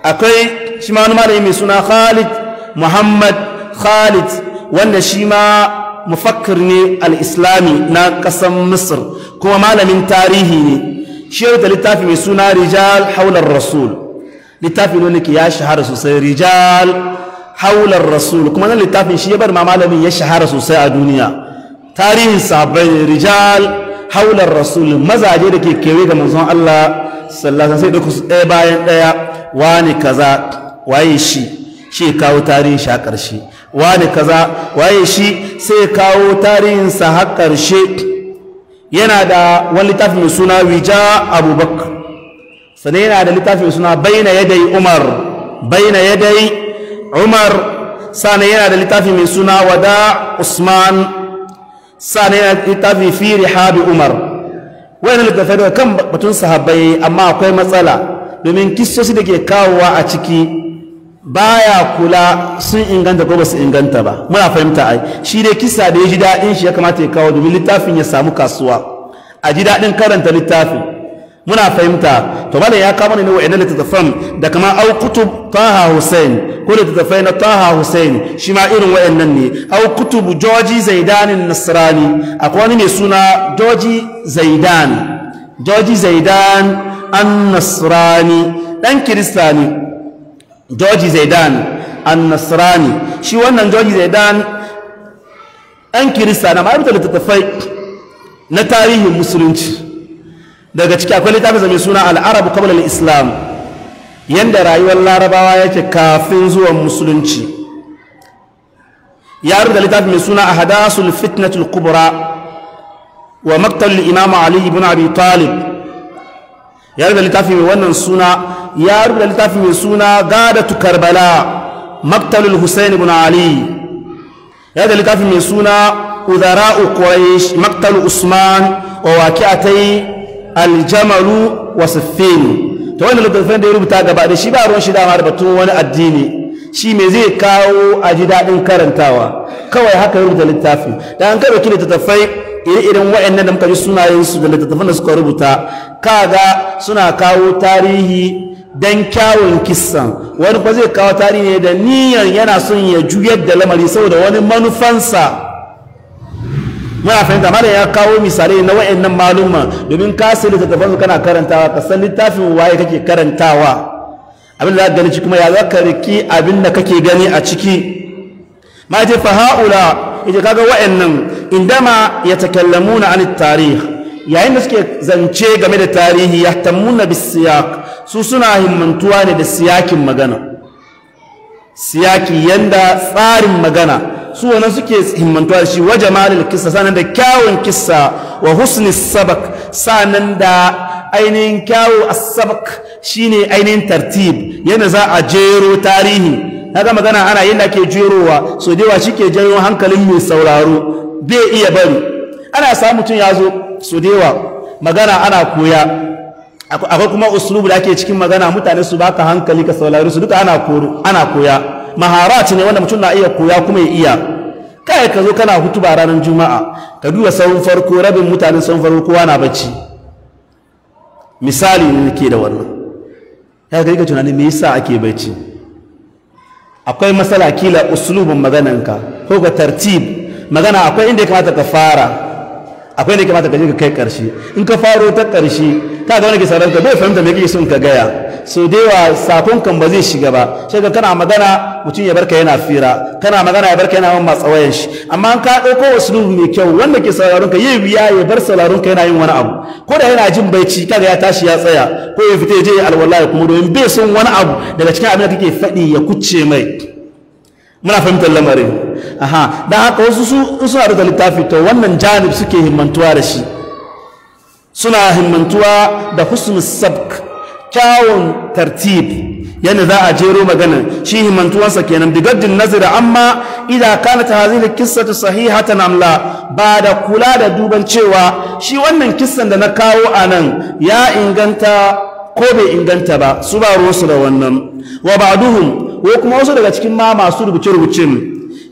akwai shi ma wani malami mai suna khalid muhammad Khalid wanda shi ma mufakkir ne al-islami na ƙasar Misir kuma malamin tarihi ne shi yau da littafi mai suna Rijal Haular Rasul littafi ne wanda ya shahara sosai Rijal Haular Rasul kuma nan littafin shi ya bar ma malamin ya shahara sosai a duniya tarihin sahabbai Rijal Haular Rasul mazaje da ke kewaye da manzon Allah sallallahu alaihi wasallam sai ɗaya bayan ɗaya wani kaza waye shi shi kawo tarihin sha a ƙarshe wani kaza waye shi sai kawo tarihinsa har ƙarshe yana da wani littafi mai suna wija abubakar sannan yana da littafi mai suna baina yadai umar baina yadai umar sannan yana da littafi mai suna wada usman sannan yana da littafi fi Habi umar wani littafi da kan batun sahabbai amma akwai matsala domin kisoshi da ke kawowa a ciki baya kula sun inganta ko basu inganta ba muna fahimta ai shi dai kisa da ya ji daɗin shi ya kamata ya kawo domin littafin ya samu kasuwa a ji daɗin karanta littafi muna fahimta to malam ya kama ni ne wa'ina littattafan da kama au kutub taha hussein ko littattafai na taha hussein shi ma irin wa'annan ne au kutub joji zaidanin nasrani akwai wani mai suna joji zaidan joji zaidan an nasrani dan kirista ne joji Zaidan an-Nasrani shi wannan joji Zaidan an kirista na ma'aikata littattafai na tarihin musulunci daga ciki akwai littafin mai suna al-Arab qabla islam yadda rayuwar larabawa yake kafin zuwan musulunci ya rubuta littafin mai suna ahdasul fitnatul kubra wa maktal imam ali ibn abi talib ya rubuta littafi mai wannan suna ya rubuta littafi mai suna gadatu karbala maktalul husain ibn ali ya rubuta littafi mai suna udara'u quraish maktal usman wa aljamalu wa siffin to wannan littafin da ya rubuta gaba da shi ba ruwan shi dama da batun wani addini shi me zai kawo a ji daɗin karantawa kawai haka ya rubuta littafi da an littattafai ire-iren waɗannan da muka ji sunayensu da littattafan da suka rubuta kaga suna kawo tarihi don kyawun kissan wani kwa zai kawo tarihi ne da niyyar yana son ya juyar da lamari saboda wani manufansa muna fahimta malam ya kawo misalai na nan maluma domin ka sai littattafan su kana karantawa ka san littafin waye kake karantawa abin da za gani kuma ya za ka riki abin da kake gani a ciki ma ce fa ha'ula yace kaga wa'annan indama yatakallamuna an tarih yayin da suke zance game da tarihi yahtamuna bis siyaq su suna himmantuwa ne da siyakin magana siyaki yanda tsarin magana su wani suke himmantuwa da shi waje jamalil kissa sanan da kyawun kissa wa husnis sabak sanan da ainihin kyawu as-sabak shine ainihin tartib yana za a jero tarihi kaga magana ana yin da ke jerowa so dewa shi ke janyo hankalin mai sauraro bai iya bari ana samu mutum ya zo so dewa magana ana koya akwai kuma uslubu da ake cikin magana mutane su baka hankali ka sauraro su duka ana koro ana koya maharat ne wanda mutum na iya koya kuma ya iya kai ka zo kana hutuba ranar juma'a ka duba sahun farko rabin mutanen sahun farko kowa na bacci misali ne ke da wannan ya ga tunanin me yasa ake bacci akwai matsala kila uslubin magananka ko ga tartib magana akwai inda ya kamata ka fara akwai ne kamata ka ka kai karshe in ka faro ta karshe ta ga wani ke sauran ka bai fahimta me kake son ka gaya so da yawa sakon kan ba zai shiga ba sai ka kana magana mutum ya barka yana fira kana magana ya barka yana yin tsawayen shi amma an ka dauko usulubi mai kyau wanda ke sauraron ka yi biya ya bar sauraron ka yana yin wani abu ko da yana jin baici kaga ya tashi ya tsaya ko ya fita ya je alwallahi kuma domin bai son wani abu daga cikin abin da kake faɗi ya kuce mai muna fahimtar lamarin aha don haka wasu su suna da littafi to wannan janib suke himmantuwa da shi suna himmantuwa da husnul sabk kyawun tartib yana za a jero magana shi himmantuwansa kenan bigaddin nazira amma idza kanat hadhihi qissatu sahihatan ta namla, ba da kula da duban cewa shi wannan kissan da na kawo anan ya inganta ko bai inganta ba su ba ruwansu da wannan wa ba'duhum ko kuma wasu daga cikin ma masu rubuce-rubucin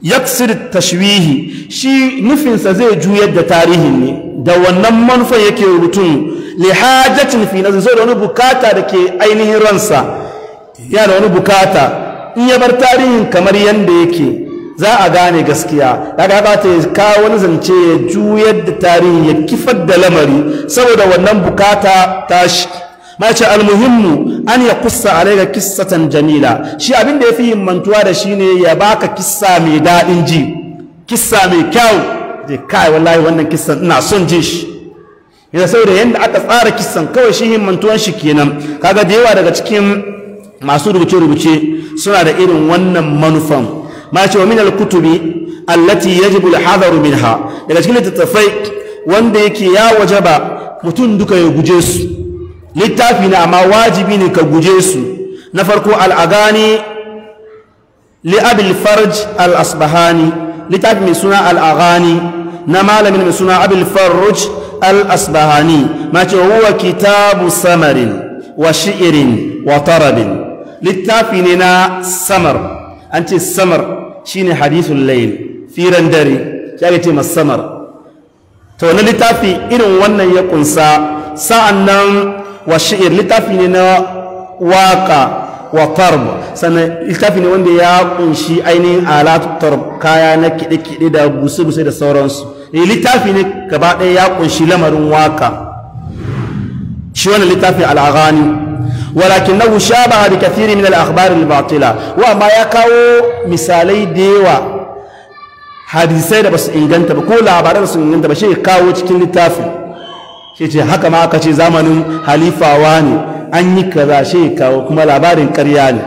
yaksir tashwihi shi nufinsa zai juyar da tarihin ne da wannan manufan yake rubutun li hajatin fi nazin da wani bukata da ke ainihin ransa ya da wani bukata in ya bar tarihin kamar yanda yake za a gane gaskiya daga ba ta kawo wani zance ya juyar da tarihi ya kifar da lamari saboda wannan bukata tashi Mace almuhimmu an ya kusa kussa ga kissatan jamila shi abin da fi himmantuwa da shi ne ya baka kisa mai daɗin ji kisa mai kyau je kai wallahi wannan kissan ina son ji shi yana saboda yadda aka tsara kissan kawai shi himmantuwan shi kenan kaga da yawa daga cikin masu rubuce-rubuce suna da irin wannan manufan mace wa min alkutubi allati yajibu al-hadaru minha daga cikin littattafai wanda yake ya wajaba mutum duka ya guje su littafi na amma wajibi ne ka guje su na farko al'agani li'abil farj al'asbahani littafi mai suna al'agani na malamin mai suna abil farj al'asbahani ma ce huwa kitabu samarin wa shi'irin wa tarabin littafi ne na samar an ce samar shine hadithun layin. firan dare ya ce ce samar. to wani littafi irin wannan ya kunsa sa'annan wa shi'ir littafi ne na waka wa tarb sannan littafi ne wanda ya kunshi ainihin alatu tarb kaya na kiɗe-kiɗe da buse-buse da sauransu eh, littafi ne gaba ɗaya ya kunshi lamarin waka shi wannan littafi al'aghani ولكنه شابه بكثير Wa amma ya kawo misalai da yawa hadisai da ba su inganta ba ko labarai labaran su inganta ba shi kawo cikin littafi shi ce haka ma aka ce zamanin halifawa ne an yi kaza shi kawo kuma labarin karya ne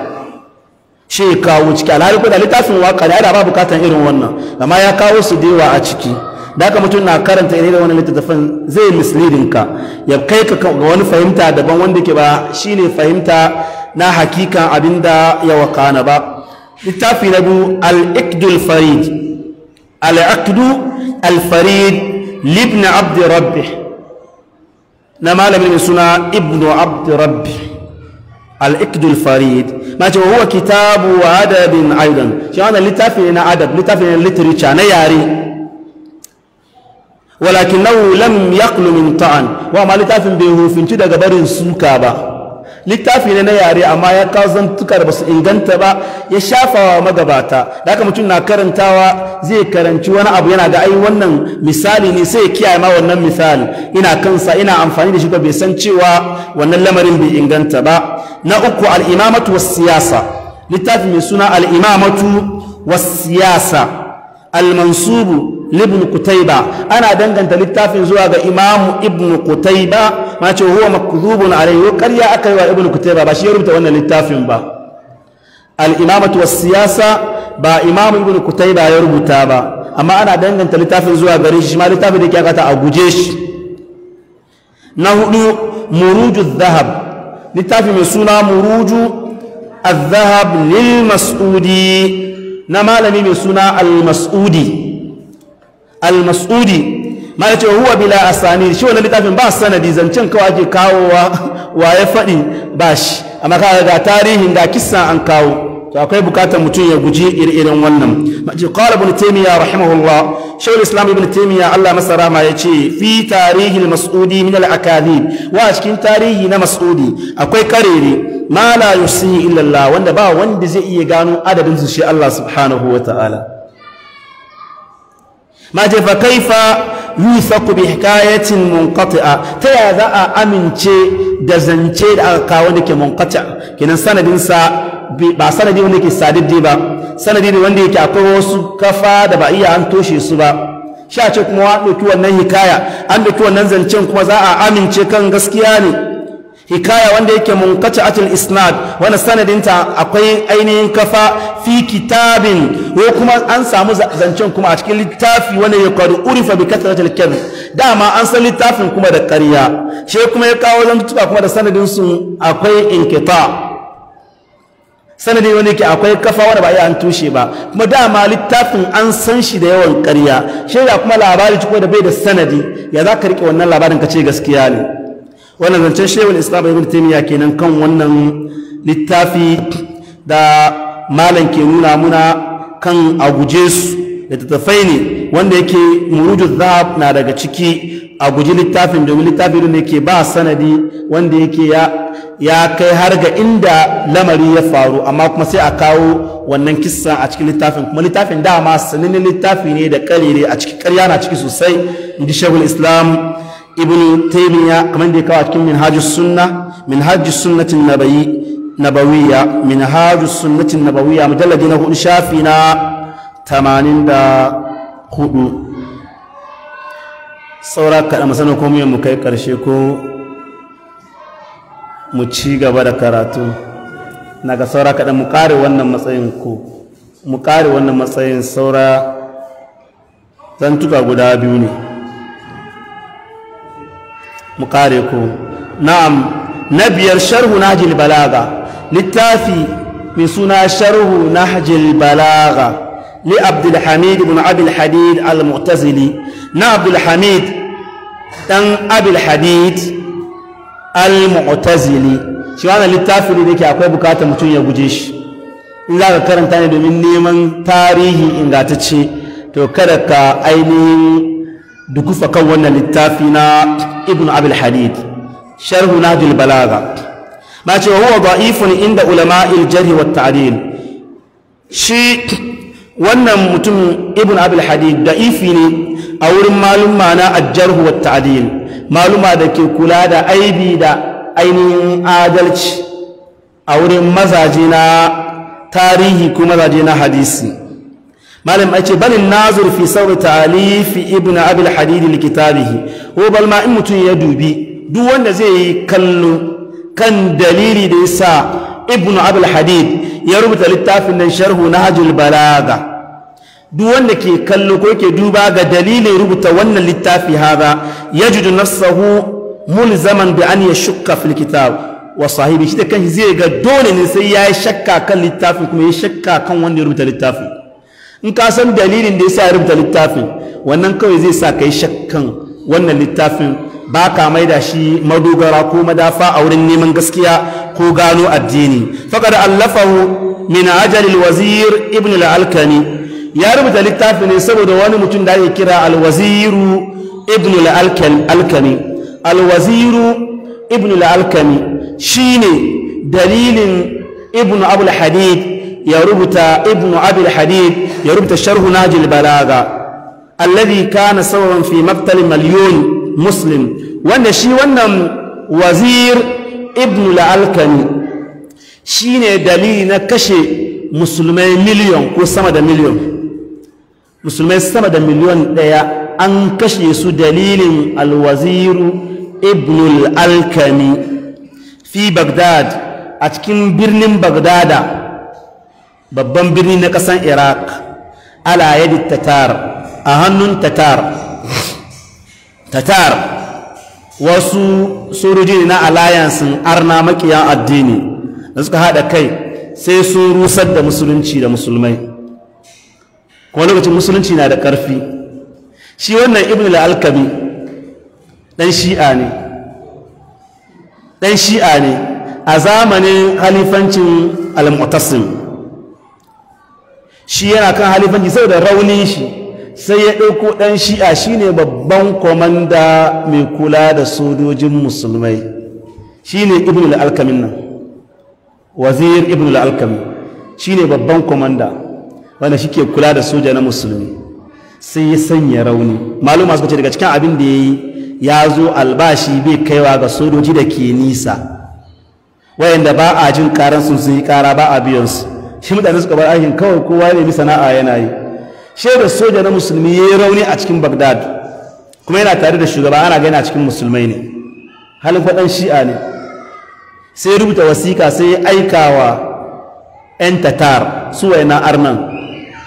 shi kawo ciki alhari kuda littafin waka da ya ba bukatan irin wannan amma ya kawo su dewa a ciki da aka mutum na karanta irin wani littattafan zai misleading ka ya kai ka ga wani fahimta daban wanda ke ba shine fahimta na hakikan abinda ya wakana ba littafi na bu al-iqdul farid al al-farid libna abdi rabbih na malami mai suna ibnu abdurrabbi al-ikdul farid ma ce huwa kitabu wa adabin aidan shi wannan littafi na adab littafi na literature na yare walakin lam yaqlu ta'an wa ma littafin bai hufinci daga barin suka ba littafi ne na yare amma ya kawo zantuka da basu inganta ba ya shafawa magabata da haka mutum na karantawa zai karanci wani abu yana ga ai wannan misali ne sai ya kiyaye ma wannan misali ina kansa ina amfani da shi ba bai san cewa wannan lamarin bai inganta ba na uku al was-siyasa littafi mai suna alimamatu was-siyasa al-mansubu kutaiba ana danganta littafin zuwa ga imamu ibn kutaiba ma ce huwa makdhubun alayhi karya aka yi wa ibnu kutayba ba shi ya rubuta wannan littafin ba al-imamatu was-siyasa ba imamu ibnu kutayba ya rubuta ba amma ana danganta littafin zuwa gare shi ma littafin da ke akata a guje shi na hudu muruju zahab Littafin mai suna muruju azahab lil mas'udi na malami mai suna al-mas'udi al-mas'udi ma ya ce huwa bila asani shi wannan littafin ba sanadi zancen kawai ake kawo wa ya faɗi ba shi amma ka ga tarihin ga kissa an kawo to akwai bukatar mutum ya guji iri iren wannan ce qala ibn taymiya rahimahullah shaul islam ibn taymiya Allah masa ya ce fi tarihi masudi min al-akadib wa cikin tarihi na mas'udi akwai karere ma la yusi illa Allah wanda ba wanda zai iya gano adadin su shi Allah subhanahu wa ta'ala ma je fa kaifa yuthaku bi hikayatin munqati'a ta ya za a amince da zance da aka kawo da ke munkata kenan sanadin ba sanadi wanda ke sadiddi ba sanadi ne wanda yake akwai wasu kafa da ba iya an toshe su ba sha ce kuma wa ɗauki wannan hikaya an ɗauki wannan zancen kuma za a amince kan gaskiya ne hikaya wanda yake atul isnad wanda sanadinta akwai ainihin kafa fi kitabin ko kuma an samu zancen kuma a cikin littafi wanda ya kwado urifa bi kathratil kadhib dama an san littafin kuma da ƙarya shi kuma ya kawo zantuka kuma da sanadin su akwai inkita sanadin wanda yake akwai kafa wanda ba ya an tushe ba kuma dama littafin an san shi da yawan ƙarya shi da kuma labari ciko da bai da sanadi ya za ka rike wannan labarin ka ce gaskiya ne wannan zancen shewar islam ibn taimiyya kenan kan wannan littafi da malam ke nuna muna kan a guje su tattafai ne wanda yake muruju zahab na daga ciki a guji littafin domin littafin ne ke ba sanadi wanda yake ya kai har ga inda lamari ya faru amma kuma sai a kawo wannan kisa a cikin littafin kuma littafin dama sanannen littafi ne da kalire a cikin karya na ciki sosai in ji shagul islam ibn taymiya kamar da ya kawo cikin minhajus sunna minhajus sunnatin nabayi nabawiyya minhajus sunnatin mujalladi na hudu shafi na tamanin da hudu saura kaɗa masana ko mu kai ƙarshe ko mu ci gaba da karatu Naga saura kada mu ƙare wannan matsayin ko mu guda biyu ne mu kare ku na'am na biyar sharhu nahjil balaga littafi mai suna sharhu nahjil balaga li abdul hamid ibn abul hadid al-mu'tazili na abdul hamid dan abul hadid al-mu'tazili shi wannan littafi ne yake akwai bukatar mutum ya guje shi in za ka karanta ne domin neman tarihi ingantacce to kada ka ainihin dukufa kan wannan littafi na ibn abul hadid sharhu nadil balaga ma ce huwa da'ifun inda ulama'il jarhi wa ta'dil shi wannan mutum ibn abul hadid da'ifi ne a wurin maluma na ajjarhu wa ta'dil maluma da ke kula da aibi da ainihin adalci a wurin mazaje na tarihi ko mazaje na hadisi malam a ce balin nazur fi sauri talifi ibn abil hadidi bihi. ko balma in mutum ya dubi duk wanda zai yi kallo kan dalili da yasa ibn abil hadid ya rubuta littafin nan sharhu nahjul balaga duk wanda ke kallo ko ke duba ga dalilin rubuta wannan littafi hada yajidu nafsahu zaman bi an ya fil kitab wa sahibi shi da kan zai ga dole ne sai ya yi shakka kan littafin kuma ya shakka kan wanda ya rubuta littafin in ka san dalilin da ya ya rubuta littafin wannan kawai zai sa kai shakkan wannan littafin ba ka da shi madogara ko madafa a wurin neman gaskiya ko gano addini faqad allafahu min ajal wazir ibn al ya rubuta littafin ne saboda wani mutum da ake kira alwaziru ibn al-alkani ibn alalkani shine dalilin ibn abul hadid ya rubuta ibnu abil hadid ya rubuta sharhu najil balaga alladhi kana sababan fi maqtal malyun muslim wanda shi wannan wazir ibnu al-alkani shine dalili na kashe musulmai miliyon ko sama da miliyon musulmai sama da miliyon daya an kashe su dalilin alwaziru al alkami fi bagdad a cikin birnin bagdada babban birni na ƙasar iraq ala yadi tatar a hannun tatar tatar wasu sojoji na alliance arna makiyan addini da suka haɗa kai sai sun rusar da musulunci da musulmai kuma lokacin musulunci na da ƙarfi shi wannan ibn al-alkabi ɗan shi'a ne ɗan shi'a ne a zamanin halifancin al-mutassim shi yana kan halifanci saboda rauni shi sai ya ɗauko ɗan shi'a shi ne babban komanda mai kula da sojojin musulmai Shi ne ibn al nan wazir ibn al Shi ne babban komanda wanda shi ke kula da soja na musulmi sai ya sanya rauni malu masu kwace daga cikin abin da ya yi ya zo albashi bai kaiwa ga sojoji da ke nisa wayanda ba a jin karansu sun yi kara ba a biyansu shi mutane suka bar aikin kawai kowa ya nemi sana'a yana yi da soja na musulmi ya yi rauni a cikin bagdad kuma yana tare da shugaba ana gani a cikin musulmai ne halin faɗan shi'a ne sai rubuta wasiƙa sai ya aikawa 'yan tatar su arnan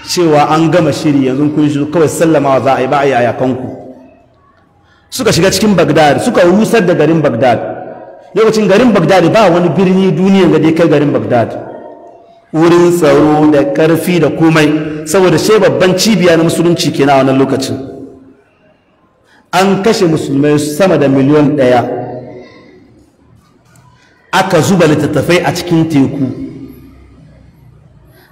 cewa an gama shiri yanzu kun shi kawai sallamawa za a yi ba a yi suka shiga cikin bagdad suka rusar da garin bagdad lokacin garin bagdad ba wani birni duniyan da dai kai garin bagdad wurin tsaro da ƙarfi da komai saboda shi babban cibiya na musulunci kenan a wannan lokacin an kashe musulmai sama da miliyon ɗaya aka zuba littattafai a cikin teku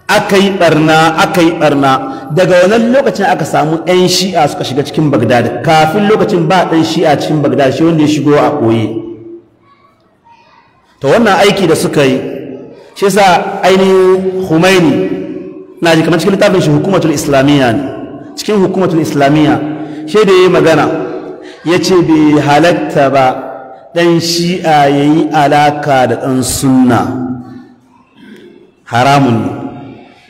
aka yi ɓarna aka yi ɓarna daga wannan lokacin aka samu 'yan shi'a suka shiga cikin bagdad kafin lokacin ba ɗan shi'a cikin bagdad shi wanda ya shigo a koye ta wannan aiki da suka yi shi yasa ainihin Humaini na ji kamar cikin littafin shi hukumatul islamiyya ne cikin hukumatul islamiyya shi da yayi magana Ya ce bai halatta ba dan shi'a yayi alaka da ɗan sunna haramun ne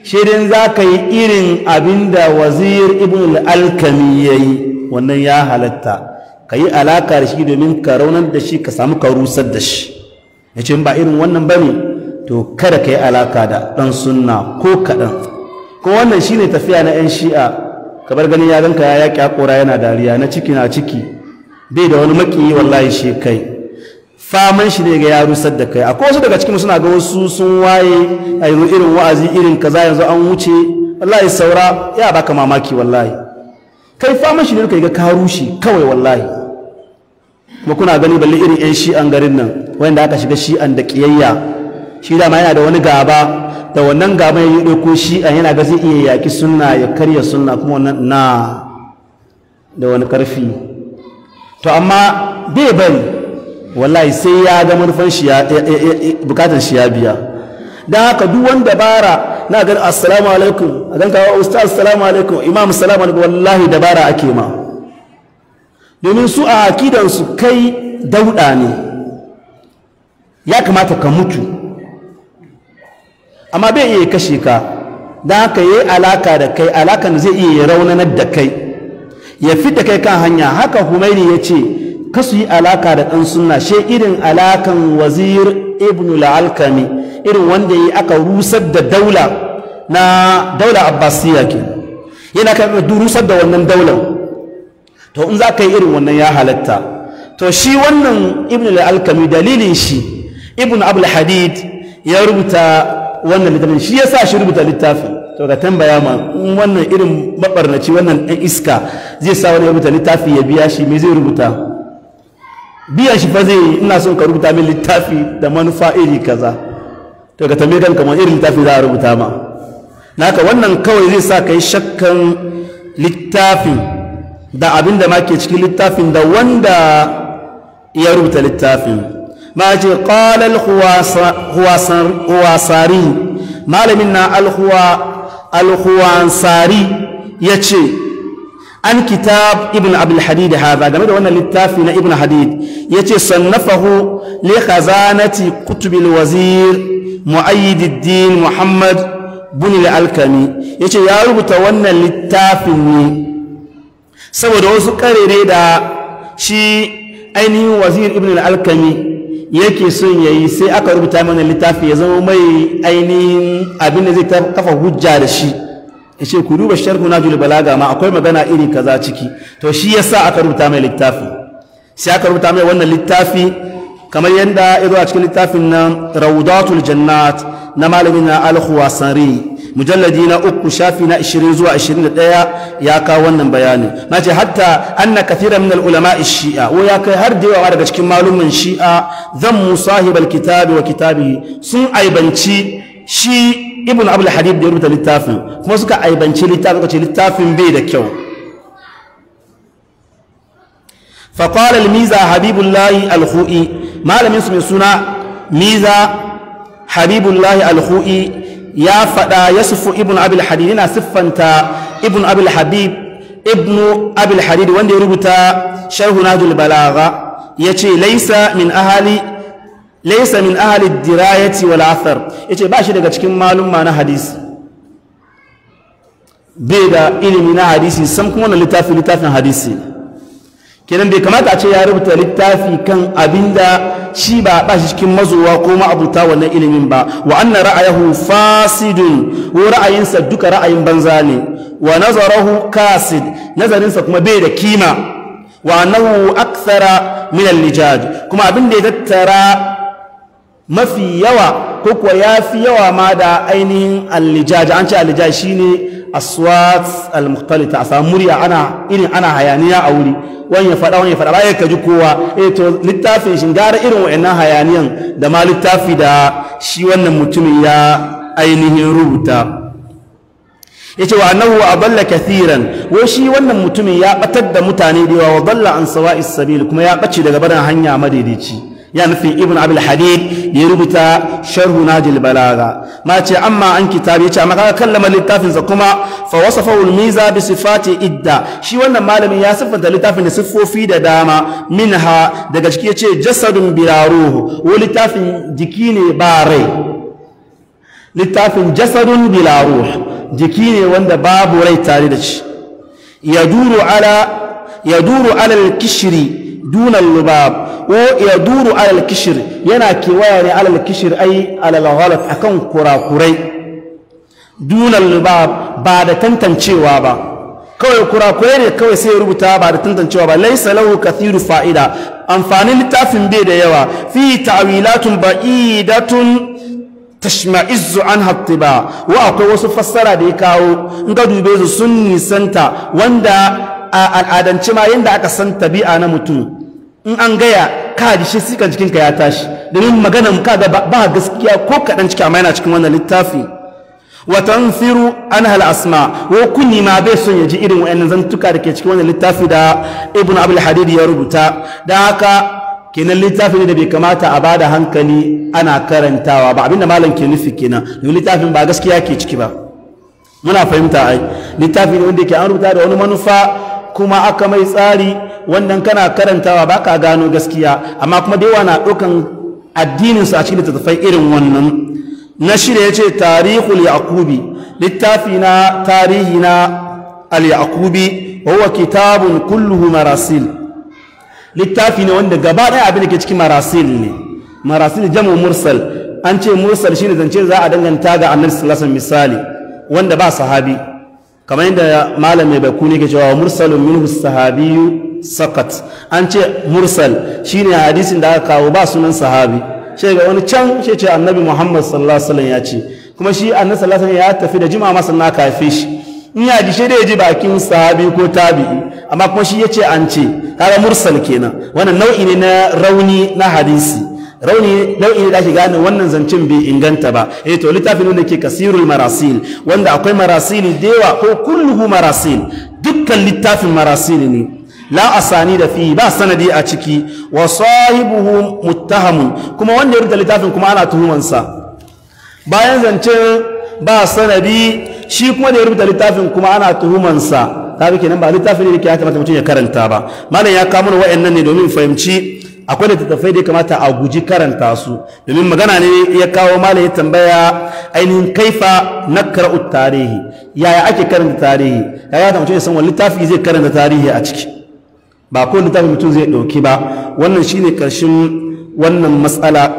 shirin za ka yi irin abinda wazir ibn al'alkami ya yi wannan ya halatta ka yi alaka da shi domin ka raunar da shi ka samu ka rusar da shi ya ce ba irin wannan ba ne to kada ka yi alaka da ɗan sunna ko kaɗan ko wannan shi ne tafiya na 'yan shi'a kabar ganin ya ganka ya yaƙi haƙora yana dariya na ciki na ciki bai da wani yi wallahi shi kai faman shi ne ga ya rusar da kai akwai wasu daga cikin suna ga wasu sun waye a yanzu irin wa'azi irin kaza yanzu an wuce wallahi saura ya baka mamaki wallahi kai faman shi ne kai ga ka rushe kawai wallahi kuma kuna gani balle irin 'yan shi'an garin nan wanda aka shiga shi'an da ƙiyayya shi dama yana da wani gaba da wannan gaba ya yi ɗauko shi a yana ga zai iya yaƙi sunna ya karya sunna kuma wannan na da wani ƙarfi to amma bai bari wallahi sai ya ga manufan shi ya bukatar shi ya biya don haka duk wanda bara na gani assalamu alaikum a ganka ustaz assalamu alaikum imam assalamu alaikum wallahi dabara ake ma domin su a akidansu kai dauɗa ne ya kamata ka mutu amma bai iya kashe ka don haka yi alaka da kai alakan zai iya raunanar da kai ya fita kai kan hanya haka humaini ya ce kasu yi alaka da ɗan sunna she irin alakan wazir ibn la'alkami irin wanda yi aka rusar da daula na daula abbasiya ke yana ka rusar da wannan daular to in za ka yi irin wannan ya halatta to shi wannan ibn la'alkami dalilin shi ibn abul hadid ya rubuta wannan littafin shi yasa shi rubuta littafin to ka tambaya ma wannan irin mabarnaci wannan ɗan iska zai sa wani rubuta littafi ya biya shi me zai rubuta biya shi fa zai yi ina son ka rubuta min littafi da manufa iri kaza to ka tambaye kanka ma irin littafi za a rubuta ma Na naka wannan kawai zai sa ka yi shakkan littafin da abin da ma ke cikin littafin da wanda ya rubuta littafin ma ce qala huwasari malamin na al-huwansari yace an kitab ibn abul hadid game da wannan littafi na ibn hadid yace sannafahu li khazanati kutubil wazir muayyiduddin muhammad bin al-alkami yace ya rubuta wannan littafin ne saboda wasu karere da shi ainihin wazir ibn al-alkami yake son ya yi sai aka rubuta mana littafi ya zama mai ainihin abin da zai kafa hujja da shi ya ce ku duba sharhu na juli balaga ma akwai magana iri kaza ciki to shi ya sa aka rubuta mai littafi sai aka rubuta mai wannan littafi kamar yadda ya zo a cikin littafin nan raudatul jannat na malamin na al-khuwasari mujalladi na uku shafi na 20 zuwa 21 ya kawo wannan bayani nace hatta anna kathira min ulama shia wa ya kai har da yawa daga cikin malumin shi'a zan musahib alkitabi wa kitabi sun aibanci shi ibn abul hadid da rubuta littafin kuma suka aibanci littafin suka ce littafin bai da kyau فقال الميزا حبيب الله الخوئي ما لم Miza Habibullahi ميزا حبيب الله الخوئي ya faɗa ya sufu ibn abil hadid yana siffanta ibn abil ibn wanda ya rubuta sharhu nadul ya yace laisa min ahali dirayati wal athar yace ba shi daga cikin malumma na hadisi bai da ilimi na hadisi sam kuma na littafin littafin hadisi kenan bai kamata a ce ya rubuta littafi kan abin da shi ba a shi cikin mazuwa ko ma'abuta wannan ilimin ba wa anna ra'ayahu fasidun ko ra'ayinsa duka ra'ayin banza ne wa nazarahu kasid nazarinsa kuma bai da kima wa annahu akthara min al-lijaj kuma abin da ya tattara mafi yawa ko kuwa yafi yawa ma da ainihin al-lijaj an ce al-lijaj shine aswat al-mukhtalita a samu murya ana irin ana hayaniya a wuri wani ya faɗa wani ya faɗa ba ya kaji kowa e to littafin shi gara irin wayannan hayaniyan da ma littafi da shi wannan mutumin ya ainihin rubuta yace wa annahu balla kathiran wai shi wannan mutumin ya batar da mutane da yawa wa balla an sawa'is sabil kuma ya bace daga barin hanya madaidaici ya nufin ibn abul hadid ya rubuta sharhu najil balaga ma ce amma an kitabi ce amma kaga kallama littafinsa kuma fa wasafa al miza bi sifati idda shi wannan malamin ya siffanta littafin da siffofi da dama minha daga ciki yace jasadun bila ruhu wa littafin jiki ne ba rai littafin jasadun bila jiki ne wanda babu rai tare da shi yaduru ala yaduru ala al kishri dunan lubab o ya duru alal kishir yana kewaya ne alal kishir ai alal ghalat akan kurakurai dunan lubab ba da tantancewa ba kawai kurakurai ne kawai sai rubuta ba da tantancewa ba laisa lahu kathiru fa'ida amfanin littafin bai da yawa fi ta'wilatun ba'idatun tashma'izzu an ba. wa akwai wasu fassara da ya kawo in ka dube su sun nisanta wanda a al'adance ma yadda aka san tabi'a na mutum in an gaya ka shi sikan ka ya tashi domin maganan ka da ba gaskiya ko kaɗan ciki amma yana cikin wannan littafi wa tanfiru an hal asma wa kunni ma bai son ya ji irin wayannan zantuka da ke cikin wannan littafi da ibnu abul hadid ya rubuta da haka kenan littafi ne da bai kamata a bada hankali ana karantawa ba abinda malam ke nufi kenan domin littafin ba gaskiya ke ciki ba muna fahimta ai littafi ne wanda ke an rubuta da wani manufa kuma aka mai tsari wannan kana karantawa ba ka gano gaskiya amma kuma da yawa na ɗaukan addininsu a cikin littattafai irin wannan na shirya ya ce tarihul yaqubi littafina tarihina tarihi na al-yaqubi kitabun kulluhu marasil littafi wanda gaba ɗaya abin da ke cikin marasil ne marasil jamu mursal an ce mursal shine zance za a danganta ga annabi sallallahu alaihi wasallam misali wanda ba sahabi kamar yadda malam mai baku ne ke cewa mursalun minhu sahabiyu sakat an ce mursal shine hadisin da aka kawo ba sunan sahabi shi ga wani can shi ce annabi muhammad sallallahu alaihi wasallam ya ce kuma shi annabi sallallahu alaihi wasallam ya tafi da jima masa na kafe shi in ya ji shi da ya ji bakin sahabi ko tabi'i amma kuma shi ya ce an ce kaga mursal kenan wannan nau'i ne na rauni na hadisi rauni nau'i da ake gane wannan zancen bai inganta ba eh to littafin wanda ke kasirul marasil wanda akwai marasili da yawa ko kulluhu marasil dukkan littafin marasili ne la asani da fi ba sanadi a ciki wa sahibuhu muttaham kuma wanda ya rubuta littafin kuma ana tuhumansa bayan zancen ba sanadi shi kuma da ya rubuta littafin kuma ana tuhumansa ta bi kenan ba littafin ne da ke ya kamata mutum ya karanta ba malam ya kawo mana wa'annan ne domin fahimci akwai littattafai da ya kamata a guji karanta su domin magana ne ya kawo malam ya tambaya ainihin kaifa na karɓar tarihi yaya ake karanta tarihi ya ya mutum ya san wani littafi zai karanta tarihi a ciki ba ko littafi mutum zai ɗauki ba wannan shine karshen wannan matsala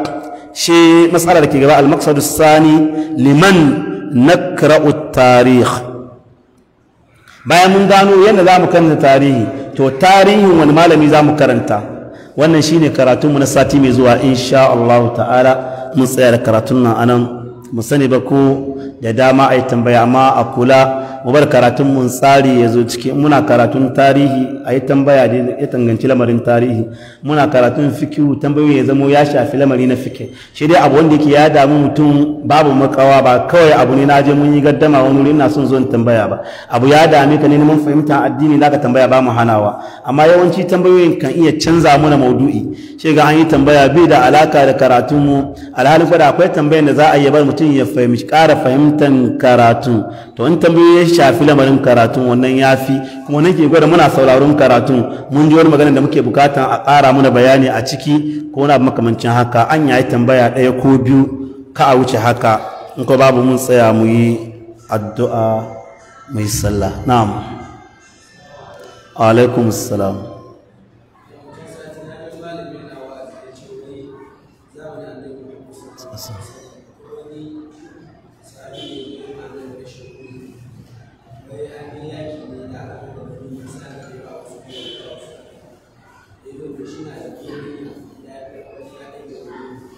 shi matsala da ke gaba al sani liman nakra'u tarihi, bayan mun gano yadda za mu karanta tarihi to tarihin wani malami za mu karanta wannan shine karatun mu na sati mai zuwa insha Allah ta'ala mun tsaya da karatun nan anan mu sani ba ko da dama ai tambaya amma a kula mu bar karatun mun tsari ya zo ciki muna karatun tarihi a yi tambaya da ya tanganci lamarin tarihi muna karatun fikihu tambayoyi ya zamo ya shafi lamari na fike shi dai abu wanda yake ya damu mutum babu makawa ba kawai abu ne na je mun yi gaddama wani wuri ina son zo tambaya ba abu ya dame ka ne mun fahimta addini ka tambaya ba mu hanawa amma yawanci tambayoyin kan iya canza mana maudu'i shi ga an yi tambaya bi da alaka da karatun mu alhalin fada akwai tambayan da za a yi bar mutum ya fahimci ƙara fahimtar karatu to in tambayi ya shafi lamarin karatu wannan ya fi kuma nan ke gwada muna sauraron karatu mun ji wani magana da muke bukata a kara mana bayani a ciki ko wani abu makamancin haka an yi tambaya ɗaya ko biyu ka a wuce haka in ko babu mun tsaya mu yi addu'a mai sallah na'am alaikum salam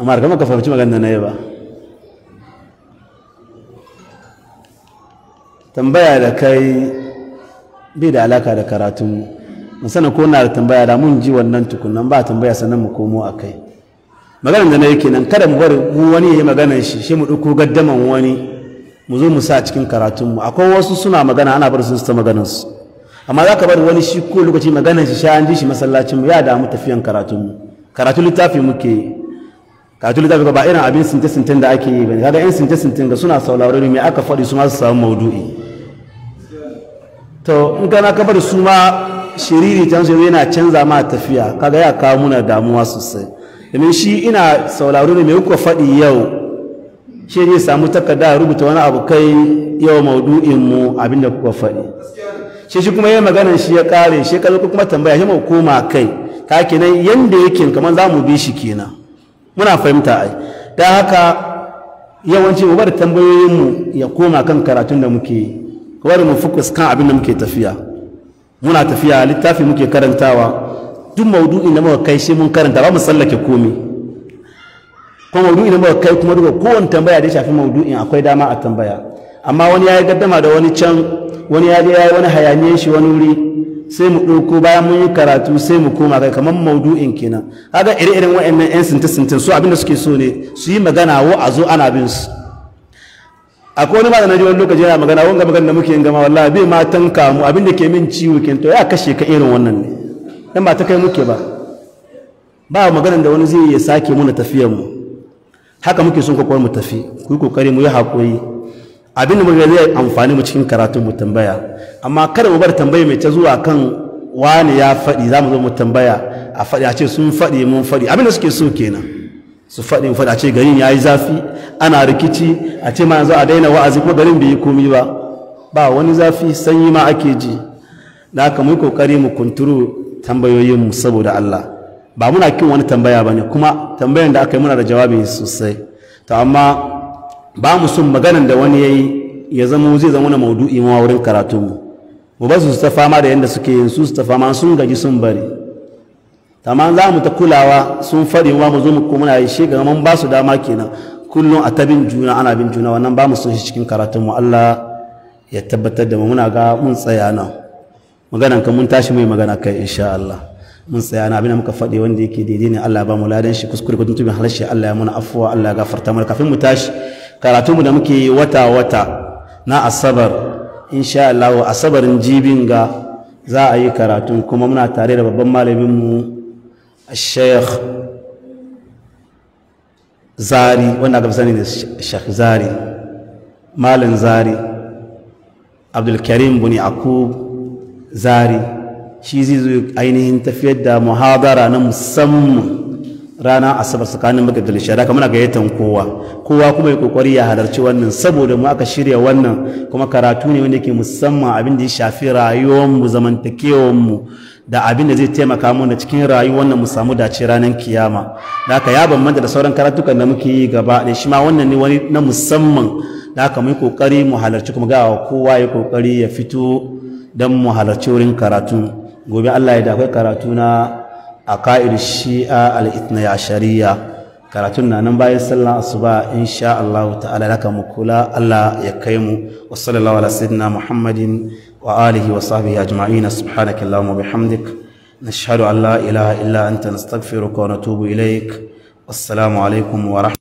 amma kama ka fahimci magana na yi ba tambaya da kai bai da alaka da karatun mu sanin ko na da tambaya da mun ji wannan tukunan ba tambaya sannan mu komo a kai maganar da na yake nan kada mu bari wani ya yi maganar shi shi mu ɗauko gaddaman wani mu zo mu sa cikin karatunmu akwai wasu suna magana ana bar su su ta maganarsu amma za ka bar wani shi ko lokaci maganar shi sha an ji shi masallacin mu ya damu tafiyan karatunmu karatu littafi muke kaji fi ba irin abin sintesintin da ake yi bane kaga yan sintesintin da suna ne mai aka faɗi su ma su samu maudu'i to in ka kafa da su ma shiriri can su yana canza ma tafiya kaga ya kawo muna damuwa sosai domin shi ina sauraro ne mai kuka faɗi yau shi ne samu takarda rubuta wani abu kai yau maudu'in mu da kuka faɗi shi shi kuma yin maganar shi ya kare shi kuma tambaya shi mu koma kai ka kenan yanda yake kamar za mu bi shi kenan muna fahimta ai ta haka yawanci mu bar tambayoyinmu ya koma kan karatun da muke yi bari mu fokus kan abin da muke tafiya muna tafiya littafi muke karantawa duk maudu'in da muka kai shi mun karanta ba mu sallake komi kuma maudu'in da muka kai kuma duka kowane tambaya da ya shafi maudu'in akwai dama a tambaya amma wani ya yi gaddama da wani can wani ya yi wani hayaniyar shi wani wuri sai mu ɗauko bayan mun yi karatu sai mu koma kai kamar maudu'in kenan haka ire-iren wa'annan 'yan sintin su abinda suke so ne su yi magana wa a zo ana bin su akwai wani magana wani lokaci yana magana wanga magana da muke yin gama wallahi bai ma tanka mu abinda ke min ciwo ke to ya kashe ka irin wannan ne dan ba ta kai muke ba ba maganar da wani zai ya sake muna tafiyan mu haka muke son kokon mu tafi ku yi kokari mu yi hakuri abin da muka zai amfani mu cikin karatun mu tambaya amma kada mu bar tambaya mai ta zuwa kan wani ya faɗi za mu zo mu tambaya a faɗi a ce sun faɗi mun faɗi abin da suke so kenan su faɗi faɗi a ce garin ya yi zafi ana rikici a ce ma yanzu a daina wa'azi ko garin bai yi komi ba ba wani zafi sanyi ma ake ji da haka mu yi kokari mu kunturu tambayoyin saboda Allah ba muna kin wani tambaya ne, kuma tambayan da aka yi muna da jawabi sosai to amma ba mu sun maganan da wani yi ya zama zai zama na maudu'i ma wurin karatu mu mu ba su su ta fama da yadda suke yin su su ta fama sun gaji sun bari amma za mu ta kulawa sun faɗi wa mu zo mu kuma yi shi ga mun ba su dama kenan kullum a tabin juna ana bin juna wannan ba mu sun shi cikin karatun mu Allah ya tabbatar da mu muna ga mun tsaya nan maganan ka mun tashi mai magana kai insha Allah mun tsaya na abin da muka faɗi wanda yake daidai ne Allah ba mu ladan shi kuskure ko tuntuɓin halashi shi Allah ya muna afuwa Allah ya gafarta mana kafin mu tashi karatunmu da muke yi wata-wata na asabar insha Allah asabarin jibin ga za a yi karatu kuma muna tare da babban malaminmu sheikh zari wanda aka sani da sheikh zari malin zari abdulkarim buni akub zari shi zai zo ainihin tafiyar da muhadara na musamman rana asabar tsakanin maghrib da isha da muna gayyatan kowa kowa kuma ya kokari ya halarci wannan saboda mu aka shirya wannan kuma karatu ne wanda ke musamman abin da ya shafi rayuwar mu mu da abin da zai taimaka mu da cikin rayuwar mu samu dace ranar kiyama da ka ya bambanta da sauran karatukan da muke yi gaba da shi ma wannan ne wani na musamman da ka mu yi kokari mu halarci kuma ga kowa ya kokari ya fito don mu halarci wurin karatu gobe Allah ya da akwai karatu na a ka'ir shi'a al'itna ya shari'a karatun na nan bayan sallan asuba insha Allah ta'ala laka mu kula Allah ya kai mu wa sallallahu ala sayyidina Muhammadin wa alihi wa sahbihi ajma'in subhanaka allahumma bihamdik nashhadu an la ilaha illa anta nastaghfiruka wa natubu ilaik assalamu alaikum wa